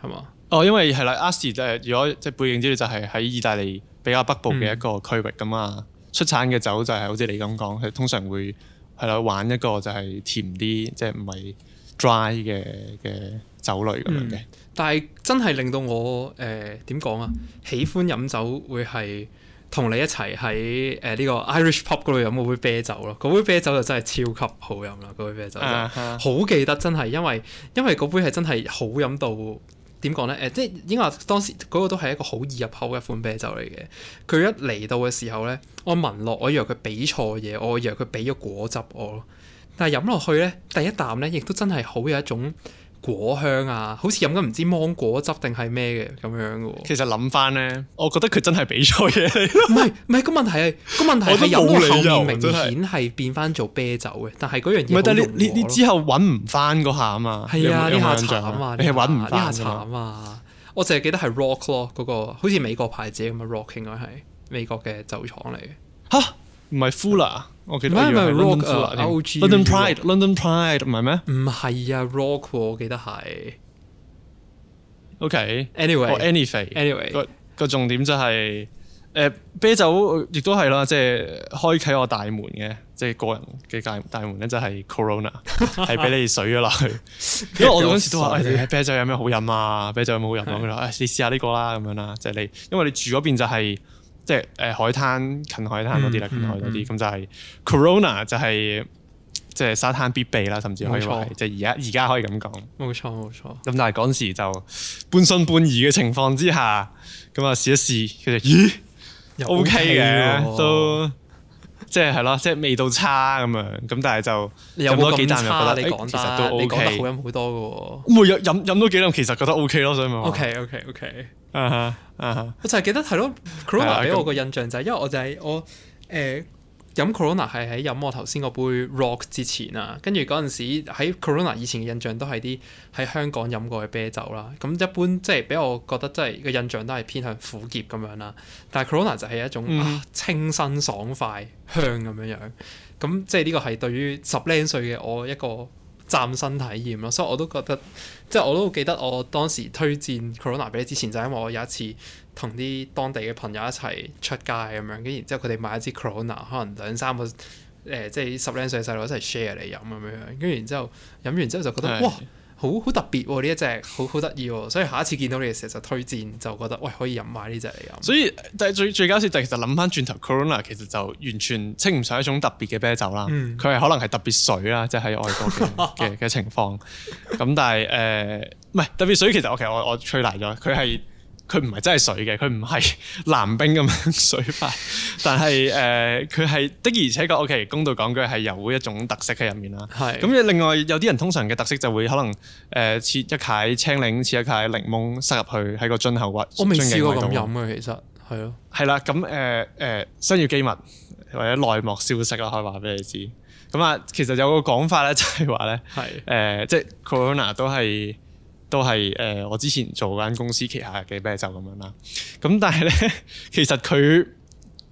S2: 係
S1: 嘛？哦，因為係啦 Asti 如果即係背景之類就係喺意大利比較北部嘅一個區域咁啊，嗯、出產嘅酒就係、係、好似你咁講，佢通常會係啦玩一個就係甜啲，即係唔係 dry 嘅嘅酒類咁樣嘅。但係真係令到我誒點講啊？
S2: 喜歡飲酒會係。同你一齊喺誒呢個 Irish pub 嗰度飲嗰杯啤酒咯，嗰杯啤酒就真係超級好飲啦！嗰杯啤酒、uh huh. 好記得，真係因為因為嗰杯係真係好飲到點講呢？誒、呃，即係應該話當時嗰個都係一個好易入口嘅一款啤酒嚟嘅。佢一嚟到嘅時候呢，我聞落我以為佢俾錯嘢，我以為佢俾咗果汁我咯。但係飲落去呢，第一啖呢亦都真係好有一種。果香啊，好似飲緊唔知芒果汁定係咩嘅咁樣嘅。其實諗翻咧，
S1: 我覺得佢真係俾錯嘢你唔係
S2: 唔係，個問題係個問題係由後面明顯
S1: 係變翻做啤酒嘅的，但係嗰樣嘢唔係，但係你你之後揾唔翻嗰下啊嘛。係啊，呢下慘啊！慘啊，你係揾唔翻呢下慘啊！
S2: 我淨係記得係 Rock 咯，嗰、那個好似美國牌子咁啊，Rock 應該係美國嘅酒廠嚟
S1: 嘅。吓，唔係 Fuller 我記得 London Pride，London Pride 唔係咩？唔係啊，Rock 我記得係 on Rock,。OK，Anyway，Anyway，Anyway 個重點就係、是，誒、呃、啤酒亦都係啦，即係開啟我大門嘅，即係個人嘅大大門咧，即、就、係、是、Corona，係俾 [LAUGHS] 你水咗落去。
S2: 因為我哋嗰時都話、 [LAUGHS] 哎，啤
S1: 酒有咩好飲啊？啤酒有冇好飲啊？誒的、哎、你試下呢個啦，咁樣啦，即、就、係、是、你，因為你住嗰邊就係、是。即係誒，海灘近海灘嗰啲啦，近海嗰啲咁就係 Corona 就係，即係沙灘必備啦，甚至可以話係即係而家而家可以咁講。
S2: 冇錯冇錯。
S1: 咁但係嗰陣時就半信半疑嘅情況之下，咁啊試一試，其實咦又 OK 嘅，都即係係咯，即係味道差咁樣，咁但係就飲多幾啖又覺得，你其實都 OK。你講得好飲好多嘅喎。冇飲飲多幾啖，其實覺得 OK 咯，所以咪 OK OK OK。Uh huh, uh
S2: huh. 我就係記得睇到 Corona 俾我個印象就係、是，啊、因為我就係、是、我誒飲、呃、Corona 係喺飲我頭先嗰杯 Rock 之前啊，跟住嗰陣時喺 Corona 以前嘅印象都係啲喺香港飲過嘅啤酒啦，咁一般即係俾我覺得真係個印象都係偏向苦澀咁樣啦。但係 Corona 就係一種、嗯啊、清新爽快香咁樣樣，咁即係呢個係對於十零歲嘅我一個。嶄新體驗咯，所以我都覺得，即係我都記得我當時推薦 Corona 俾你之前，就係因為我有一次同啲當地嘅朋友一齊出街咁樣，跟然之後佢哋買一支 Corona，可能兩三個誒，即係十零歲細路一齊 share 嚟飲咁樣，跟然之後飲完之後就覺得的哇～好好特別喎、哦、呢一隻，好好得意喎，所以下一次見到你嘅時候就推薦，就覺得喂，可以飲埋呢
S1: 隻嚟飲。所以但係最最搞笑就係其實諗返轉頭，Corona 其實就完全稱唔上一種特別嘅啤酒啦。佢係、嗯、可能係特別水啦，即、就、喺、是、外國嘅嘅 [LAUGHS] 情況。咁但係誒唔係特別水，其實 okay，我其實我我吹大咗，佢係。佢唔係真係水嘅，佢唔係藍冰咁樣水化，但係誒，佢係、 [LAUGHS] 呃、的，而且確 OK。公道講句係有一種特色喺入面啦。係是。咁另外有啲人通常嘅特色就會可能誒切、呃、一塊青檸，切一塊檸檬塞入去喺個樽口或樽頸嗰度。我未試過咁飲嘅其實。係咯、啊。係啦、嗯，咁誒誒商業機密或者內幕消息啦，可以話俾你知。咁、嗯、啊，其實有個講法咧是、呃，就係、是、話咧，係誒，即係 Corona 都係。都係誒，我之前做間公司旗下嘅啤酒咁樣啦。咁但係咧，其實佢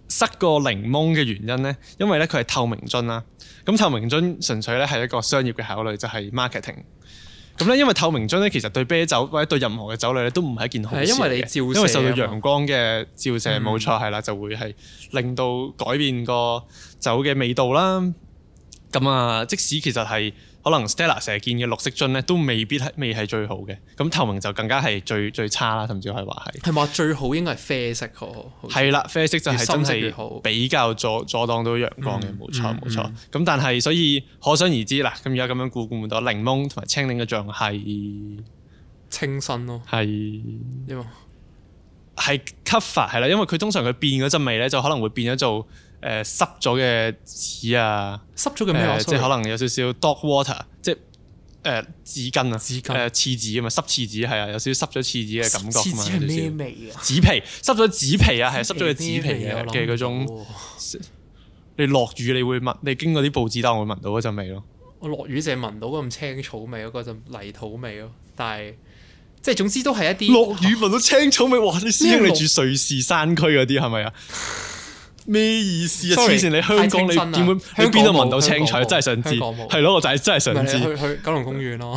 S1: 塞個檸檬嘅原因咧，因為咧佢係透明樽啦。咁透明樽純，純粹咧係一個商業嘅考慮，就係、是、marketing。咁咧，因為透明樽咧，其實對啤酒或者對任何嘅酒類咧，都唔係一件好事。係因為你照射，因為受到陽光嘅照射，冇錯係啦，就會係令到改變個酒嘅味道啦。咁、嗯、啊，即使其實係。可能 Stella 成日見嘅綠色樽咧，都未必係未係最好嘅，咁透明就更加係最最差啦，甚至可以話係。係話最好應該
S2: 係啡色喎。係啦，啡色就係真正
S1: 比較阻阻擋到陽光嘅，冇錯冇錯。咁、嗯嗯嗯、但係所以可想而知啦，咁而家咁樣估估唔到檸檬同埋青檸嘅醬係清新咯、啊。係因為係 cover 啦，因為佢通常佢變嗰陣味咧，就可能會變咗做。誒，濕咗嘅紙啊，濕咗嘅咩？即係可能有少少 dog water，即係誒紙巾啊，紙巾啊，廁紙啊嘛，濕廁紙係啊，有少少濕咗廁紙嘅感覺。廁紙係咩味啊？紙皮，濕咗紙皮啊，係濕咗嘅紙皮嘅嘅嗰種。你落雨你會聞，你經過啲報紙單會聞到嗰陣味咯。
S2: 我落雨淨係聞到嗰種青草味，嗰陣泥土味咯。但係即係總之都係一啲落
S1: 雨聞到青草味，哇！你師兄你住瑞士山區嗰啲係咪啊？是
S2: 咩意思啊？黐線你香港你根本喺邊度聞到青菜？真係想知，係
S1: 咯？我就係真係想知。去
S2: 去九龍公園咯，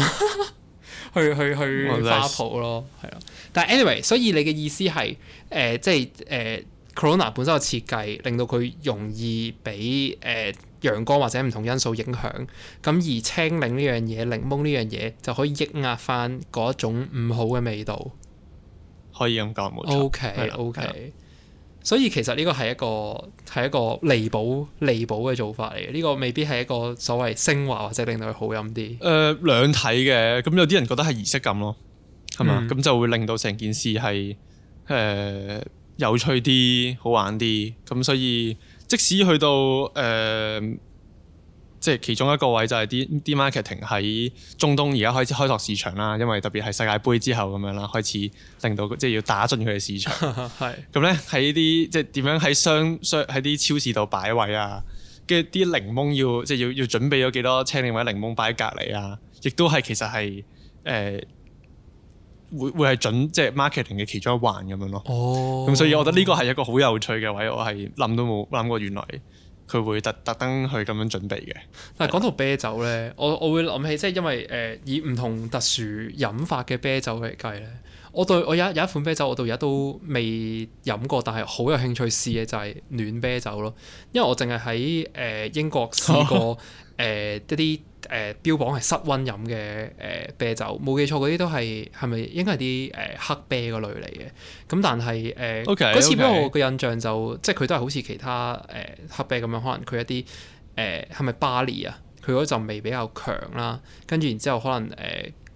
S1: 去去去花圃
S2: 咯，係啦。但係 anyway，所以你嘅意思係誒，即係誒，corona 本身嘅設計令到佢容易俾誒陽光或者唔同因素影響，咁而青檸呢樣嘢、檸檬呢樣嘢就可以抑壓翻嗰種唔好嘅味道。可以咁講冇錯。OK OK。所以其實呢個係一個係一個彌補彌補嘅做法嚟嘅，呢、這個未必係一個所謂升華或者令到佢好飲啲。誒、呃、
S1: 兩體嘅，咁有啲人覺得係儀式感咯，係嘛？咁、嗯、就會令到成件事係誒、呃、有趣啲、好玩啲。咁所以即使去到誒。呃即係其中一個位就係啲啲 marketing 喺中東而家開始開拓市場啦，因為特別係世界盃之後咁樣啦，開始令到即係要打進佢嘅市場。係咁咧，喺啲即係點樣喺商商喺啲超市度擺位啊，跟住啲檸檬要即係要要準備咗幾多青檸或者檸檬擺喺隔離啊，亦都係其實係誒、呃、會會係準即係 marketing 嘅其中一環咁樣咯。哦，咁所以我覺得呢個係一個好有趣嘅位，我係諗都冇諗過原來。佢會特特登去咁樣準備嘅。
S2: 但係講到啤酒咧， [LAUGHS] 我我會諗起，即係因為誒、呃、以唔同特殊飲法嘅啤酒嚟計咧，我對我有一有一款啤酒，我到而家都未飲過，但係好有興趣試嘅就係暖啤酒咯。因為我淨係喺誒英國試過誒一啲。 [LAUGHS] 呃誒、呃、標榜係室温飲嘅誒、呃、啤酒，冇記錯嗰啲都係係咪應該係啲誒黑啤個類嚟嘅？咁但係誒嗰次咧，呃、okay, okay. 我嘅印象就即係佢都係好似其他誒、呃、黑啤咁樣，可能佢一啲誒係咪 barley 啊？佢嗰陣味比較強啦，跟住然之後可能誒佢、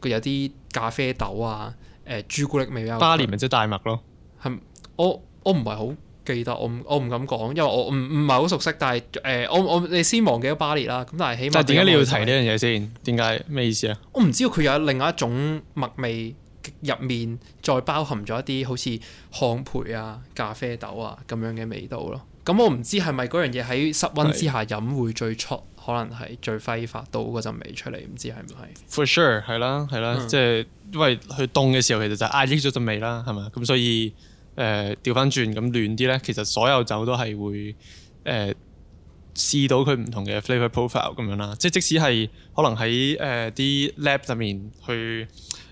S2: 呃、有啲咖啡豆啊、誒朱古力味比較。Barley 咪即大麥咯，係我我唔係好。記得我唔我唔敢講，因為我唔唔係好熟悉。但係誒、呃，我我你先忘記咗巴列啦。咁但係起碼點解你要提呢樣
S1: 嘢先？點解咩意思啊？
S2: 我唔知道佢有另外一種麥味入面，再包含咗一啲好似烘焙啊、咖啡豆啊咁樣嘅味道咯。咁我唔知係咪嗰樣嘢喺室溫之下飲會最出，是可能係最揮發到嗰陣味出嚟。唔知係唔係
S1: ？For sure，係啦，係啦，啦嗯、即係因為佢凍嘅時候其實就壓抑咗陣味啦，係嘛？咁所以。誒調翻轉咁暖啲呢。其實所有酒都係會誒試、呃、到佢唔同嘅 flavour profile 咁樣啦。即即使係可能喺誒啲 lab 入面去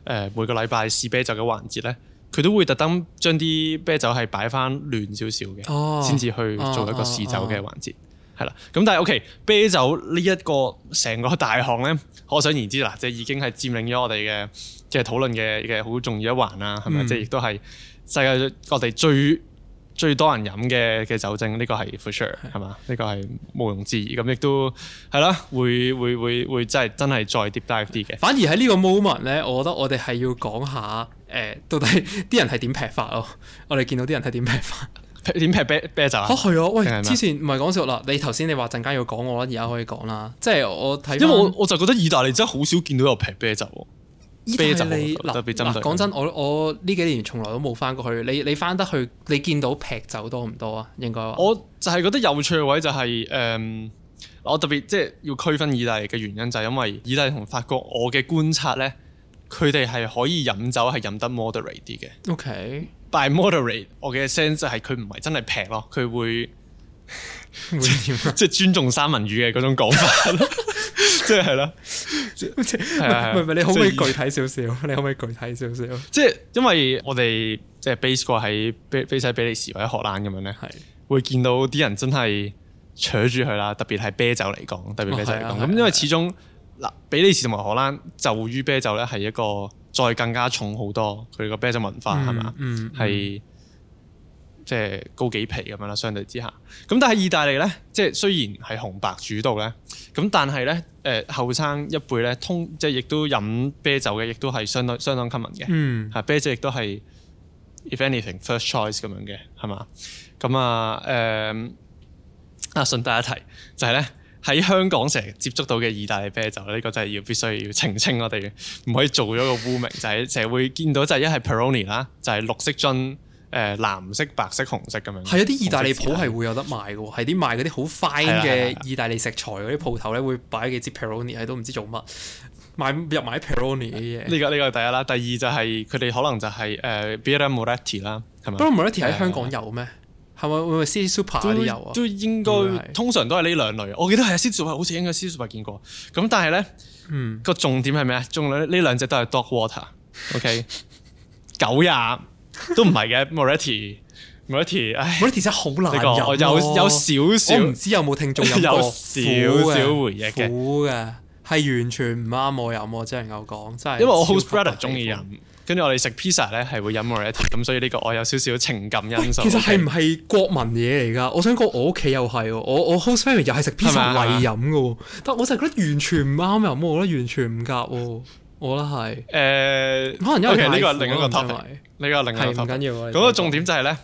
S1: 每個禮拜試啤酒嘅環節呢，佢都會特登將啲啤酒係擺翻暖少少嘅，先至、哦、去做一個試酒嘅環節。係啦、哦，咁、哦哦、但係 OK，啤酒呢一個成個大行呢，可想而知啦。即係已經係佔領咗我哋嘅嘅討論嘅嘅好重要一環啦，係咪、嗯？即係亦都係。世界各地最最多人飲嘅嘅酒精，呢個係 for sure 係嘛？呢個係毋庸置疑。咁亦都係啦，會會會會真係真係再 deep dive 啲嘅。反而
S2: 喺呢個 moment 咧，我覺得我哋係要講下誒、呃，到底啲人係點劈法咯？我哋見到啲人係點劈法？點劈，劈啤啤酒啊？嚇係啊！喂，之前唔係講笑啦。你頭先你話陣間要講我啦，而家可以講啦。即係
S1: 我睇，因為我，我就覺得意大利真係好少見到有劈啤酒依啲就特別針對。講真，
S2: 我我呢幾年從來都冇翻過去。你你翻得去，你見到劈酒多唔多啊？
S1: 應該。我就係覺得有趣嘅位就係、是、誒、呃，我特別即係要區分意大利嘅原因，就係因為意大利同法國，我嘅觀察呢，佢哋係可以飲酒係飲得 moderate 啲嘅。OK。但係 moderate，我嘅 sense 就係佢唔係真係劈咯，佢會即係 [LAUGHS] 尊重三文魚嘅嗰種講法。 [LAUGHS] [LAUGHS] 即係咯，唔係唔係，你好可，可以具體少少，你可唔可以具體少少？即係因為我哋即係 base 過喺 base 喺比利時或者荷蘭咁樣咧，係會見到啲人真係扯住佢啦，特別係啤酒嚟講，特別啤酒嚟講咁，哦啊啊啊、因為始終嗱比利時同埋荷蘭就於啤酒咧係一個再更加重好多佢個啤酒文化係嘛、嗯，嗯係。嗯即係高幾皮咁樣啦，相對之下，咁但係意大利咧，即係雖然係紅白主導咧，咁但係咧，誒、呃、後生一輩咧，通即係亦都飲啤酒嘅，亦都係相當相當 common 嘅，係、嗯、啤酒亦都係 if anything first choice 咁樣嘅，係嘛？咁、嗯、啊誒、呃、啊順帶一提，就係咧喺香港成日接觸到嘅意大利啤酒，呢、呢個就係要必須要澄清我哋，嘅，唔可以做咗個污名，就係成日會見到就係一係 Peroni 啦，就係綠色樽。誒、呃、藍色、白色、紅色咁樣，係一啲意大利鋪係會有得、嗯、賣嘅喎，係啲賣嗰啲好 fine 嘅意大利食
S2: 材嗰啲鋪頭咧，會擺幾支 Peroni 喺度，唔知做乜，買入買 Peroni 嘅嘢。呢
S1: 個呢個第一啦，第二就係佢哋可能就係、是、誒、呃、b i Moretti 啦，係嘛？不過、er、Moretti 喺香港有咩？
S2: 係咪會唔會 s u p e r 都有啊？都應該是
S1: 是通常都係呢兩類，我記得係啊 s u p 好似應該 s u p e r i o 見過。咁但係咧，個、嗯、重點係咩啊？仲兩呢兩隻都係 dark water，OK？、Okay? 九廿。 [LAUGHS] [LAUGHS] [LAUGHS] 都唔係嘅，Moretti，Moretti，唉，Moretti 真係好難飲，有點點有少少，唔知有冇聽眾 [LAUGHS] 有少少回憶嘅，苦
S2: 嘅，係完全唔啱我飲，我只能夠講，真係。因為我 host
S1: brother 中意飲，跟住我哋食 pizza 咧係會飲 Moretti，咁所以呢個我有少少情感因素。其實係唔
S2: 係國民嘢嚟㗎？我想講我屋企又係，我我 host family 又係食 pizza 為飲嘅，嗎但我就覺得完全唔啱我飲，我覺得完全唔夾。我覺得係
S1: 誒，呃、可能因為呢個係另一個 topic，呢個係另一個 topic。咁個重點就係、係咧，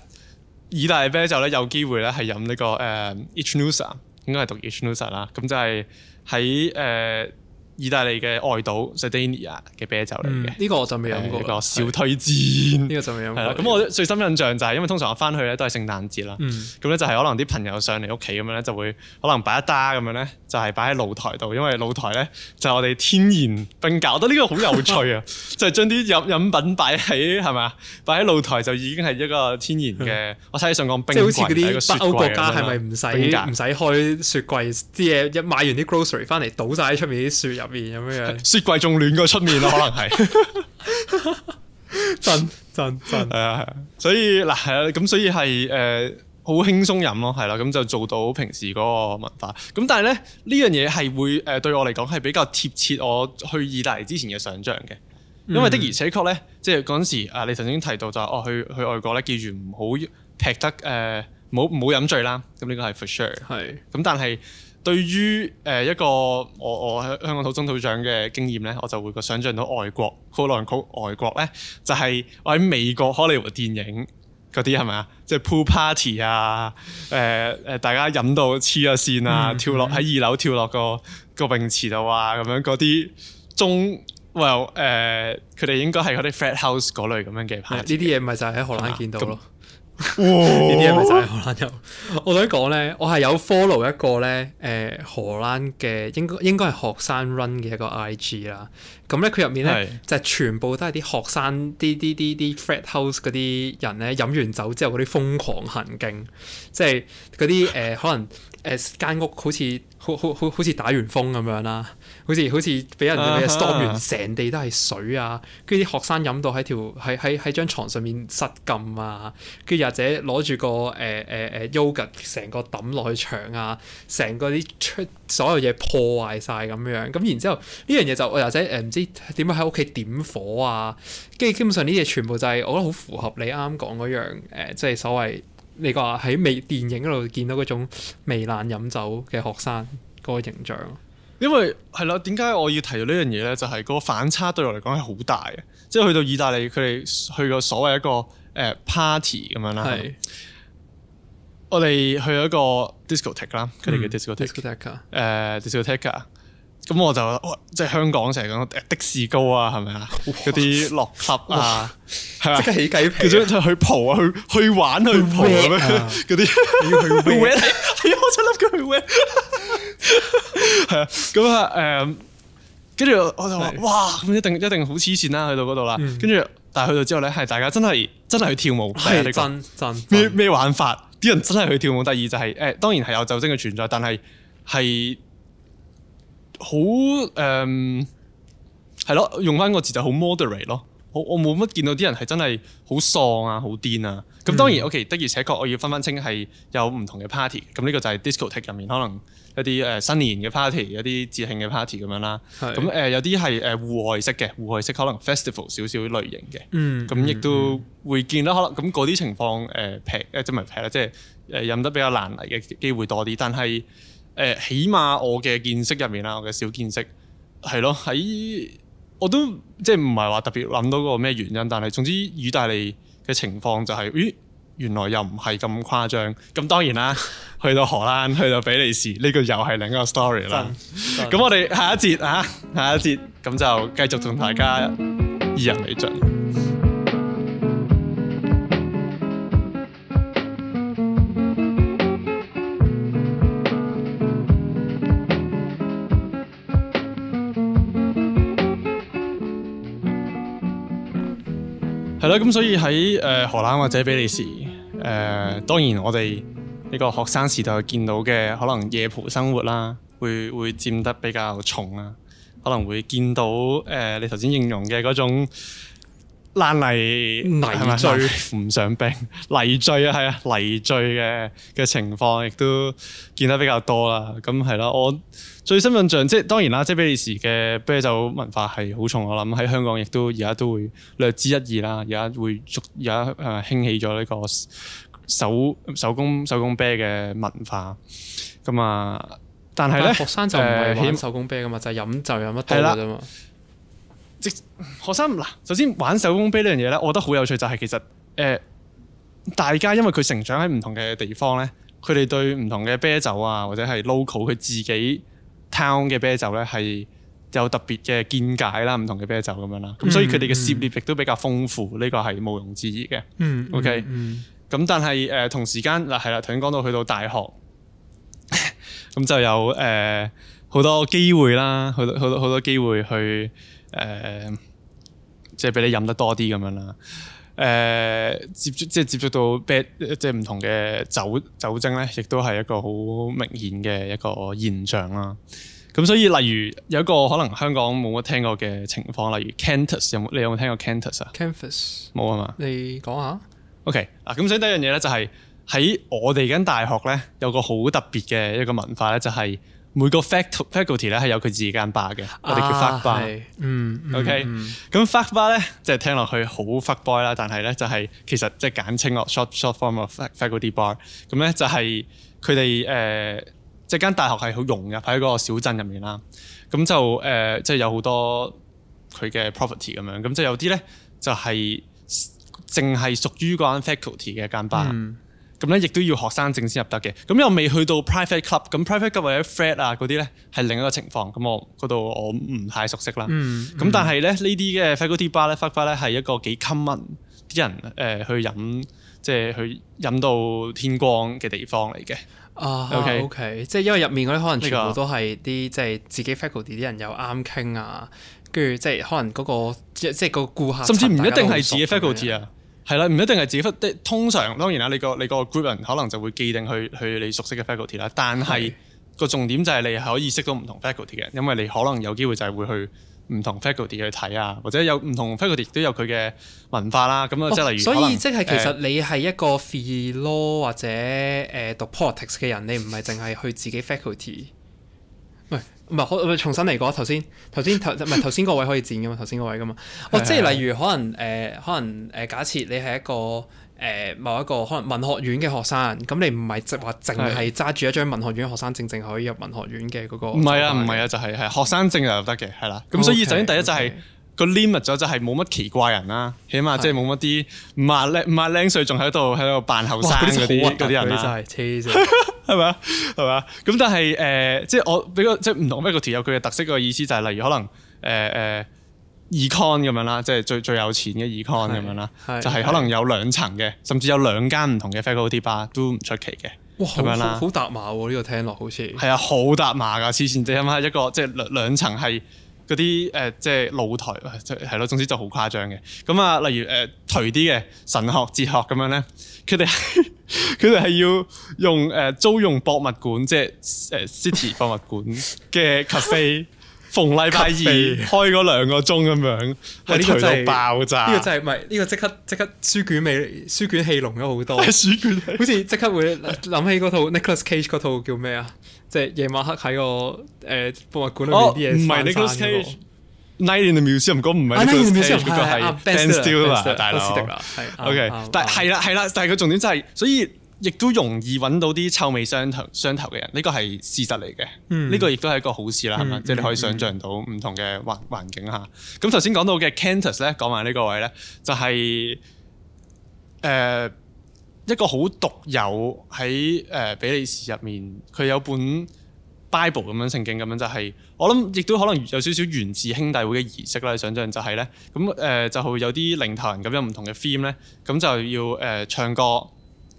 S1: 意大啤酒咧有機會咧係飲呢、呢個誒，Ichnusa、呃、應該係讀 Ichnusa 啦。咁就係喺誒。意大利嘅外島 Sardinia 嘅啤酒嚟嘅，呢、嗯呢個我就未飲過。呢個、小推薦，呢對個就未飲過。係咁我最深印象就係、是，因為通常我翻去咧都係聖誕節啦，咁咧、嗯、就係可能啲朋友上嚟屋企咁樣咧，就會可能擺一打咁樣咧，就係擺喺露台度，因為露台咧就係我哋天然冰窖，我覺得呢個好有趣啊！ [LAUGHS] 就係將啲飲飲品擺喺係咪，擺喺露台就已經係一個天然嘅。嗯、我猜上講冰櫃，即係好似嗰啲北歐國家係咪唔使唔
S2: 使開雪櫃？啲嘢一買完啲 grocery 翻嚟，倒晒喺出面啲雪入面有咩
S1: 樣？雪櫃仲暖過出面咯，可能係真真真係啊！啊。所以嗱，咁所以係誒好輕鬆飲咯，係啦、啊，咁就做到平時嗰個文化。咁但係咧呢樣嘢係會誒對我嚟講係比較貼切我去意大利之前嘅想像嘅，因為的而且確咧，嗯、即係嗰陣時啊，你頭先提到就係哦，去去外國咧記住唔好劈得誒，冇、呃、冇飲醉啦，咁呢個係 for sure 係。咁的但係。對於誒一個我我香港土生土長嘅經驗咧，我就會個想像到外國，好多講外國咧，就係我喺美國 Hollywood 電影嗰啲係咪啊，即係 Pool Party 啊，誒、呃、誒大家飲到黐咗線啊，跳落喺二樓跳落個個泳池度、呃、啊，咁樣嗰啲中，Well 誒佢哋應該係嗰啲 Flat House 嗰類咁樣嘅呢啲嘢唔係就喺荷蘭見到咯。哇 [LAUGHS] 呢啲係咪就係荷蘭
S2: 友？我想講咧，我係有 follow 一個咧，誒荷蘭嘅應該應該係學生 run 嘅一個 IG 啦。咁咧佢入面咧是就係全部都係啲學生，啲啲啲啲 flat house 嗰啲人，咧飲完酒之後嗰啲瘋狂行徑，即係嗰啲誒可能誒、呃、間屋好似好好好好似打完風咁樣啦。好似好似俾人哋嘅嘢倒完，成、啊、地都係水啊！跟住啲學生飲到喺條喺喺喺張床上面失禁啊！跟住或者攞住個誒誒誒 yoga，成個抌落去牆啊！成個啲出所有嘢破壞晒咁樣。咁然之後呢樣嘢就或者誒唔知點樣喺屋企點火啊！跟住基本上呢啲嘢全部就係我覺得好符合你啱啱講嗰樣即係、呃即係、所謂你講喺微電影嗰度見到嗰種糜爛飲酒嘅學生嗰個形象。
S1: 因為係啦，點解我要提到呢樣嘢咧？就係嗰個反差對我嚟講係好大嘅，即係去到意大利，佢哋去個所謂一個誒 party 咁樣啦。係，我哋去一個 discotheque 啦、嗯，佢哋叫 discotheque。discotheque 誒 discotheque 咁我就哇，即係香港成日講的士高啊，係咪啊？嗰啲落 club 啊，係嘛？即刻起計，叫佢去蒲啊，去去玩去蒲咁樣嗰啲。我要去邊？係啊，咁啊，誒，跟住我就話哇，咁一定一定好黐線啦，去到嗰度啦。跟住，但係去到之後咧，係大家真係真係去跳舞，係真真咩玩法？啲人真係去跳舞，第二就係誒，當然係有酒精嘅存在，但係係。好誒，係咯、嗯，用翻個詞就好 moderate 咯。好，我冇乜見到啲人係真係好喪啊，好癲啊。咁當然、嗯、OK 的而且確，我要分分清係有唔同嘅 party。咁呢個就係 discotheque 入面可能一啲誒新年嘅 party，一啲節慶嘅 party 咁樣啦。咁誒是有啲係誒戶外式嘅戶外式，可能 festival 少少類型嘅。嗯。咁亦都會見到、嗯、可能咁嗰啲情況誒劈，誒即係唔係劈啦，即係誒飲得比較難嚟嘅機會多啲。但係。起碼我嘅見識入面啦，我嘅小見識係咯，喺我都即係唔係話特別諗到嗰個咩原因，但係總之意大利嘅情況就係、是，咦，原來又唔係咁誇張。咁當然啦，去到荷蘭，去到比利時，呢、這個又係另一個 story 啦。咁的我哋下一節啊，下一節，咁就繼續同大家二人未盡。係啦，咁所以喺誒、呃、荷蘭或者比利時誒、呃，當然我哋呢個學生時代見到嘅可能夜蒲生活啦，會會佔得比較重啊，可能會見到誒、呃、你頭先形容嘅嗰種。爛泥泥醉唔上冰，泥醉啊，係啊，泥醉嘅嘅情況亦都見得比較多啦。咁係啦，我最深印象即係當然啦，即係比利時嘅啤酒文化係好重，我諗喺香港亦都而家都會略知一二啦。而家會逐而家誒興起咗呢個手手工手工啤嘅文化。咁啊，但係咧學生就唔係玩手工啤噶嘛，啊、就係飲就乜得多啫嘛。學生嗱，首先玩手工啤呢樣嘢咧，我覺得好有趣。就係其實誒、呃，大家因為佢成長喺唔同嘅地方咧，佢哋對唔同嘅啤酒啊，或者係 local 佢自己 town 嘅啤酒咧，係有特別嘅見解啦。唔同嘅啤酒咁樣啦，咁、嗯、所以佢哋嘅涉獵亦都比較豐富。呢個係毋庸置疑嘅。嗯。OK。嗯、呃。咁但係誒同時間嗱係啦，頭先講到去到大學，咁 [LAUGHS] 就有誒好、呃、多機會啦，好多好多好多機會去。誒、呃，即係俾你飲得多啲咁樣啦。誒、呃，接觸即係接觸到咩？即係唔同嘅酒酒精咧，亦都係一個好明顯嘅一個現象啦。咁所以例如有一個可能香港冇乜聽過嘅情況，例如 Cantus 有冇？你有冇聽過 Cantus 啊？Cantus 冇啊嘛？
S2: 你講下。
S1: OK 啊，咁所以第一樣嘢咧就係喺我哋間大學咧有個好特別嘅一個文化咧，就係、是。每個 faculty 咧係有佢自己間巴嘅，啊、我哋叫 Fac Bar 是 okay? 嗯。嗯，OK。咁 Fac Bar 咧，即、就、係、是、聽落去好 fac boy 啦，boy，但係咧就係、是、其實即係簡稱哦 short short form of faculty bar。咁、呃、咧就係佢哋誒即係間大學係好融入喺嗰個小鎮入面啦。咁就誒即係有好多佢嘅 property 咁樣，咁即係有啲咧就係淨係屬於嗰間 faculty 嘅間巴。咁咧，亦都要學生證先入得嘅。咁又未去到 private club，咁 private club 或者 fred 啊嗰啲咧，係另一個情況。咁我嗰度我唔太熟悉啦。咁、嗯嗯、但係咧，呢啲嘅、嗯、faculty bar 咧 faculty 咧係一個幾 common 啲人誒去飲，即、就、係、是、去飲到天光嘅地方嚟嘅。
S2: 啊，okay? 啊，OK，即
S1: 係因為入面嗰啲可能全部都係
S2: 啲即係自己 faculty 啲人又啱傾啊，跟住即係可能嗰、那個即即係個顧客，甚至唔一定係自己
S1: faculty 啊。係啦，唔一定係自己，的通常當然啦，你個你個 group 人可能就會既定去去你熟悉嘅 faculty 啦。但係個是的 重點就係你可以識到唔同 faculty 嘅，因為你可能有機會就係會去唔同 faculty 去睇啊，或者有唔同 faculty 都有佢嘅文化啦。咁啊，即係例如、哦，所以即係其實
S2: 你係一個 philology 或者誒讀 politics 嘅人，你唔係淨係去自己 faculty。喂，唔係好，唔係重新嚟過。頭先，頭先，頭唔係頭先個位可以剪㗎嘛？頭先個位㗎嘛？ [LAUGHS] 哦，
S1: 即係例
S2: 如可能誒，可能誒，呃、可能假設你係一個誒、呃、某一個可能文學院嘅學生，咁你唔係即係話淨係揸住一張文學院學生證，淨的可以入文學院嘅嗰個？唔係啊，
S1: 唔係啊，就係、係、係學生證就得嘅，係啦。咁 Okay, 所以首先第一就係、係。Okay. 個 limit 咗就係冇乜奇怪人啦，起碼即係冇乜啲五啊僆五啊僆歲，仲喺度喺度扮後生嗰啲啲人啦。真係黐線，係咪啊？係咪啊？咁但係誒、呃，即係我比較即係唔同 faculty 有佢嘅特色嘅意思，就係例如可能誒誒、呃、e、呃、con 咁樣啦，即係最最有錢嘅 econ 咁樣啦，就係可能有兩層嘅，甚至有兩間唔同嘅 faculty bar 都唔出奇嘅。哇，咁樣啦，好搭
S2: 馬喎！呢個聽落好似係啊，
S1: 好搭馬㗎，黐線，即係乜一個即係兩兩層係。嗰啲誒即係露台係咯，總之就好誇張嘅。咁、嗯、啊，例如誒頹啲嘅神學哲學咁樣咧，佢哋佢哋係要用誒租用博物館，即係誒 City 博物館嘅 cafe，逢禮拜二開嗰兩個鐘咁樣，係頹、呢個就係、到爆炸。呢個真係
S2: 唔係呢個即刻即刻書卷味、書卷氣濃咗好多。書卷好似即刻會諗起嗰套 [LAUGHS] Nicolas Cage 嗰套叫咩啊？即係夜晚黑喺個
S1: 誒博物館裏面唔係呢個 stage。Night in the Museum 唔講，唔係呢個 stage。係係係，Ben Stiller 啦，大老斯的啦，OK。但係係啦，係啦，但係個重點就係，所以亦都容易揾到啲臭味相投相投嘅人，呢個係事實嚟嘅。嗯，呢個亦都係一個好事啦，係嘛？即係你可以想象到唔同嘅環環境下。咁頭先講到嘅 Cantus 咧，講埋呢個位咧，就係誒。一個好獨有喺誒比利時入面，佢有本 Bible 咁樣聖經咁樣就係、是，我諗亦都可能有少少源自兄弟會嘅儀式啦。想象就係、是、咧，咁、嗯、誒、呃、就會有啲領頭人咁有唔同嘅 theme 咧，咁、嗯、就要誒、呃、唱歌，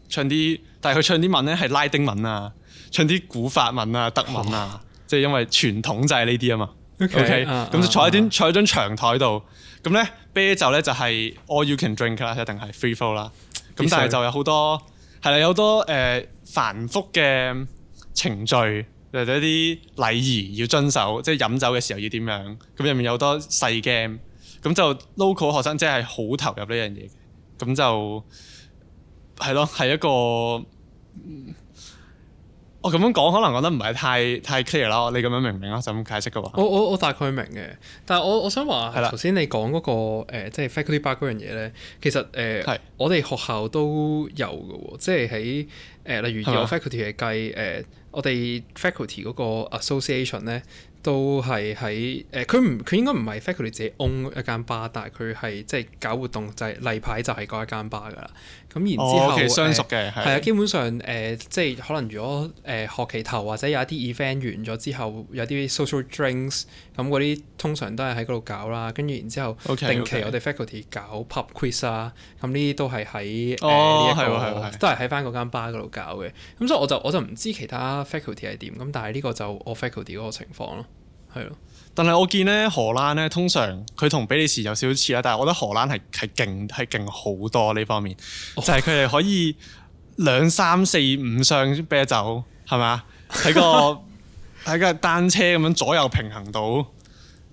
S1: 唱啲，但係佢唱啲文咧係拉丁文啊，唱啲古法文啊、德文啊，即係 [LAUGHS] 因為傳統就係呢啲啊嘛。OK，咁就坐喺張 uh, uh, uh, uh, 坐喺張長台度，咁、嗯、咧啤酒咧就係 all you can drink 啦，一定係 free flow 啦。咁但係就有好多係啦、嗯，有好多誒繁複嘅程序，或者一啲禮儀要遵守，即係飲酒嘅時候要點樣。咁入面有好多細 game，咁就 local 學生即係好投入呢樣嘢。咁就係咯，係一個。嗯我咁樣講可能講得唔係太太 clear 啦，你咁樣明唔明啊？就咁解釋嘅話。我我我大概明嘅，但係我我想話，
S2: 頭先的你講嗰、嗰個、呃、即係 faculty bar 嗰樣嘢咧，呃、的其實誒，呃、的我哋學校都有嘅喎，即係喺誒，例如有 faculty 嘅雞，誒、呃，的我哋 faculty 嗰個 association 咧。都係喺誒，佢唔佢應該唔係 faculty 自己 own 一間吧，但係佢係即係搞活動就係、是、例牌就係嗰一間吧㗎啦。咁、嗯、然之後相熟嘅，係啊、哦，基本上誒即係可能如果誒學期頭或者有一啲 event 完咗之後，有啲 social drinks 咁嗰啲通常都係喺嗰度搞啦。跟住然之後，後定期 okay, okay. 我哋 faculty 搞 pub quiz 啊，咁呢啲都係喺、呃、哦係喎、哦、都係喺翻嗰間巴嗰度搞嘅。咁、嗯、所以我就我就唔知其他 faculty 係點，咁但係呢個就我 faculty 嗰個情況咯。
S1: 係咯，但係我見咧荷蘭咧，通常佢同比利時有少少似啦，但係我覺得荷蘭係係勁係勁好多呢方面，哦、就係佢哋可以兩三四五箱啤酒係咪啊？喺個喺個單車咁樣左右平衡到，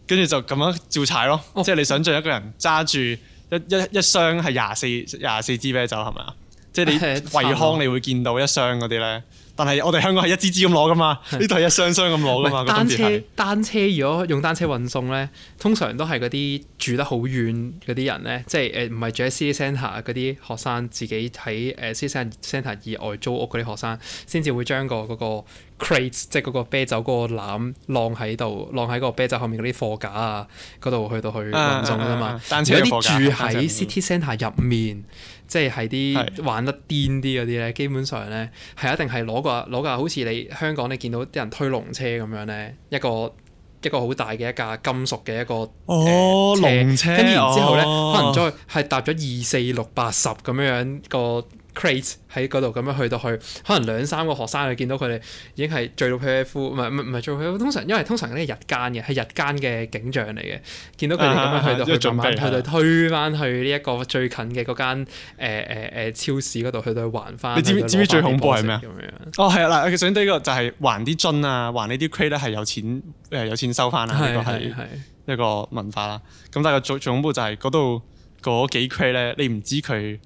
S1: 跟住就咁樣照踩咯，哦、即係你想象一個人揸住一一一箱係廿四廿四支啤酒係咪啊？即係你惠康你會見到一箱嗰啲咧。但係我哋香港係一支支咁攞噶嘛，呢度係一箱箱咁攞噶嘛 [LAUGHS] 單。單車
S2: 單車，如果用單車運送咧，通常都係嗰啲住得好遠嗰啲人咧，即係誒唔係住喺 city 嗰啲學生，自己喺誒 c i t 以外租屋嗰啲學生，先至會將個嗰個 crate，s 即係嗰個啤酒嗰個籃，晾喺度，晾喺個啤酒後面嗰啲貨架啊，嗰度去到去運送啫嘛、啊啊。單車嘅住喺 city c e n t r 入面。即係啲玩得癲啲嗰啲咧，是基本上咧係一定係攞架。攞架好似你香港你見到啲人推龍車咁樣咧，一個一個好大嘅一架金屬嘅一個、
S1: 哦呃、龍車，跟住然之後咧、哦、可能
S2: 再係搭咗二四六八十咁樣樣個。crate 喺嗰度咁樣去到去，可能兩三個學生啊，見到佢哋已經係醉到皮膚，唔係唔係唔係醉皮膚。通常因為通常都係日間嘅係日間嘅景象嚟嘅，見到佢哋咁樣去到去慢慢、啊、去到推翻去呢一個最近嘅嗰間誒誒超市嗰度去到還翻。你知唔知最恐怖係咩
S1: 樣？哦係啊嗱，其實上低呢個就係還啲樽啊，還呢啲 crate 咧係有錢誒有錢收翻啊，呢個係一個文化啦。咁但係個最最恐怖就係嗰度嗰幾 crate 咧，你唔知佢。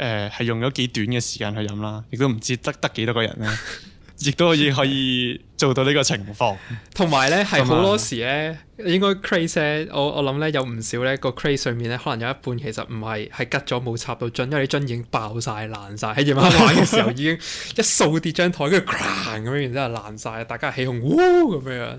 S1: 誒係、呃、用咗幾短嘅時間去飲啦，亦都唔知得得幾多個人咧。 [LAUGHS] 亦都可以可以做到呢個情況，同
S2: 埋咧係好多時咧，應該 crazy，我我諗咧有唔少咧個 crazy 上面咧，可能有一半其實唔係係吉咗冇插到樽，因為啲樽已經爆晒爛晒。喺夜晚玩嘅時候已經一掃跌張台，跟住咁樣，然之後爛晒。大家起哄，嘩，咁樣樣，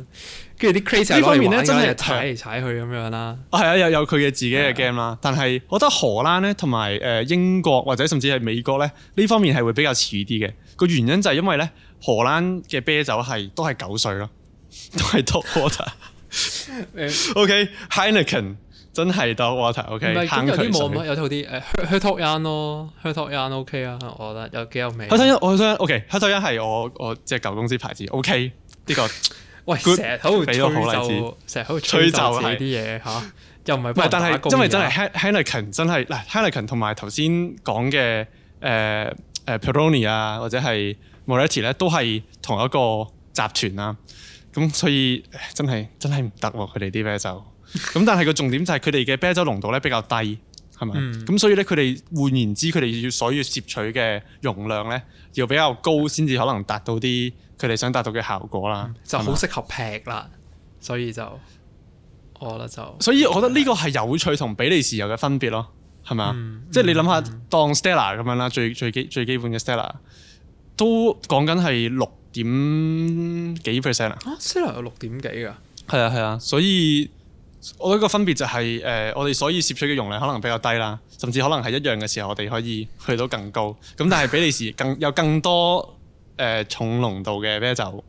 S2: 跟住啲 crazy 呢方面咧真係
S1: 踩嚟踩去咁樣啦。啊，係啊，有有佢嘅自己嘅 game 啦。啊、但係我覺得荷蘭咧同埋誒英國或者甚至係美國咧呢方面係會比較遲啲嘅個原因就係因為咧。荷蘭嘅啤酒係都係九歲咯，都係 top water ok，Heineken 真係 do water ok，有套
S2: 啲誒 Hertog Jan 咯，Hertog Jan ok，啊我覺得有幾有味
S1: 我想 ok k Hertog Jan 係我我即係舊公司牌子 ok，呢個喂，佢成日喺度俾個好例子，成日喺度吹奏啊，呢啲嘢吓又唔係，但係真係真係 Heineken 真係嗱 Heineken，同埋頭先講嘅誒誒 Peroni 啊或者係 Moretti 咧都係同一個集團啦，咁所以真係真係唔得喎佢哋啲啤酒，咁 [LAUGHS] 但係個重點就係佢哋嘅啤酒濃度咧比較低，係咪？咁、嗯、所以咧佢哋換言之，佢哋要所要攝取嘅容量咧要比較高先至可能達到啲佢哋想達到嘅效果啦，就好適合劈
S2: 啦，所以就我覺得就，
S1: 所以我覺得呢個係有趣同比利時有嘅分別咯，係咪啊？即係、嗯、你諗下、嗯、當 Stella 咁樣啦，最最基最基本嘅 Stella。都講緊係六點幾 percent 啊！啊，C 有六點幾噶？係啊，係啊，所以我呢個分別就係、係、誒、呃，我哋所以攝取嘅容量可能比較低啦，甚至可能係一樣嘅時候，我哋可以去到更高。咁但係比利時更有更多誒、呃、重濃度嘅啤酒，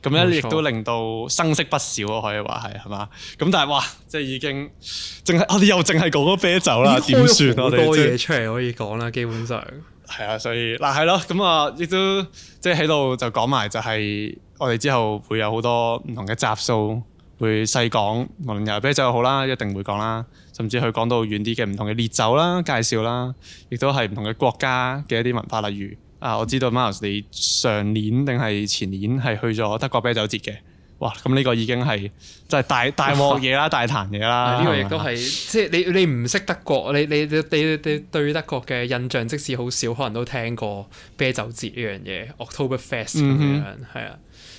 S1: 咁咧亦都令到生色不少我可以話係係嘛？咁但係哇，即係已經淨係我哋又淨係講咗啤酒啦，點算我哋多嘢出嚟可以講啦，基本上。係啊，所以嗱係咯，咁啊亦、嗯、都即係喺度就講埋就係我哋之後會有好多唔同嘅集數會細講，無論由啤酒又好啦，一定會講啦，甚至去講到遠啲嘅唔同嘅烈酒啦、介紹啦，亦都係唔同嘅國家嘅一啲文化。例如啊，我知道 Miles 你上年定係前年係去咗德國啤酒節嘅。哇！咁呢個已經係即係大大鑊嘢啦，大壇嘢啦。呢個亦都係
S2: 即係你你唔識德國，你你你你對對德國嘅印象，即使好少，可能都聽過啤酒節呢樣嘢，October Fest 咁樣，係啊、嗯哼。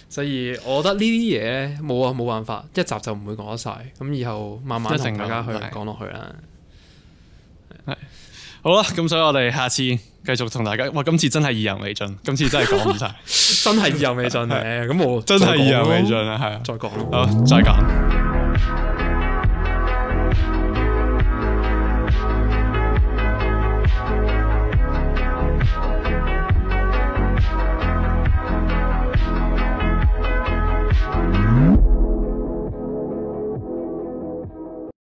S2: 所以我覺得呢啲嘢冇啊冇辦法，一集就唔會講得晒。咁以後慢慢同大，大家去是講落去啦。係
S1: 好啦，咁所以我哋下次。繼續同大家，哇！今次真係意猶未盡， [LAUGHS] 今次真係講唔晒，
S2: [LAUGHS] 真係意猶未盡咧。咁 [LAUGHS] 我真係意猶未盡啦，係啊、
S1: 哦，再講，好，再講。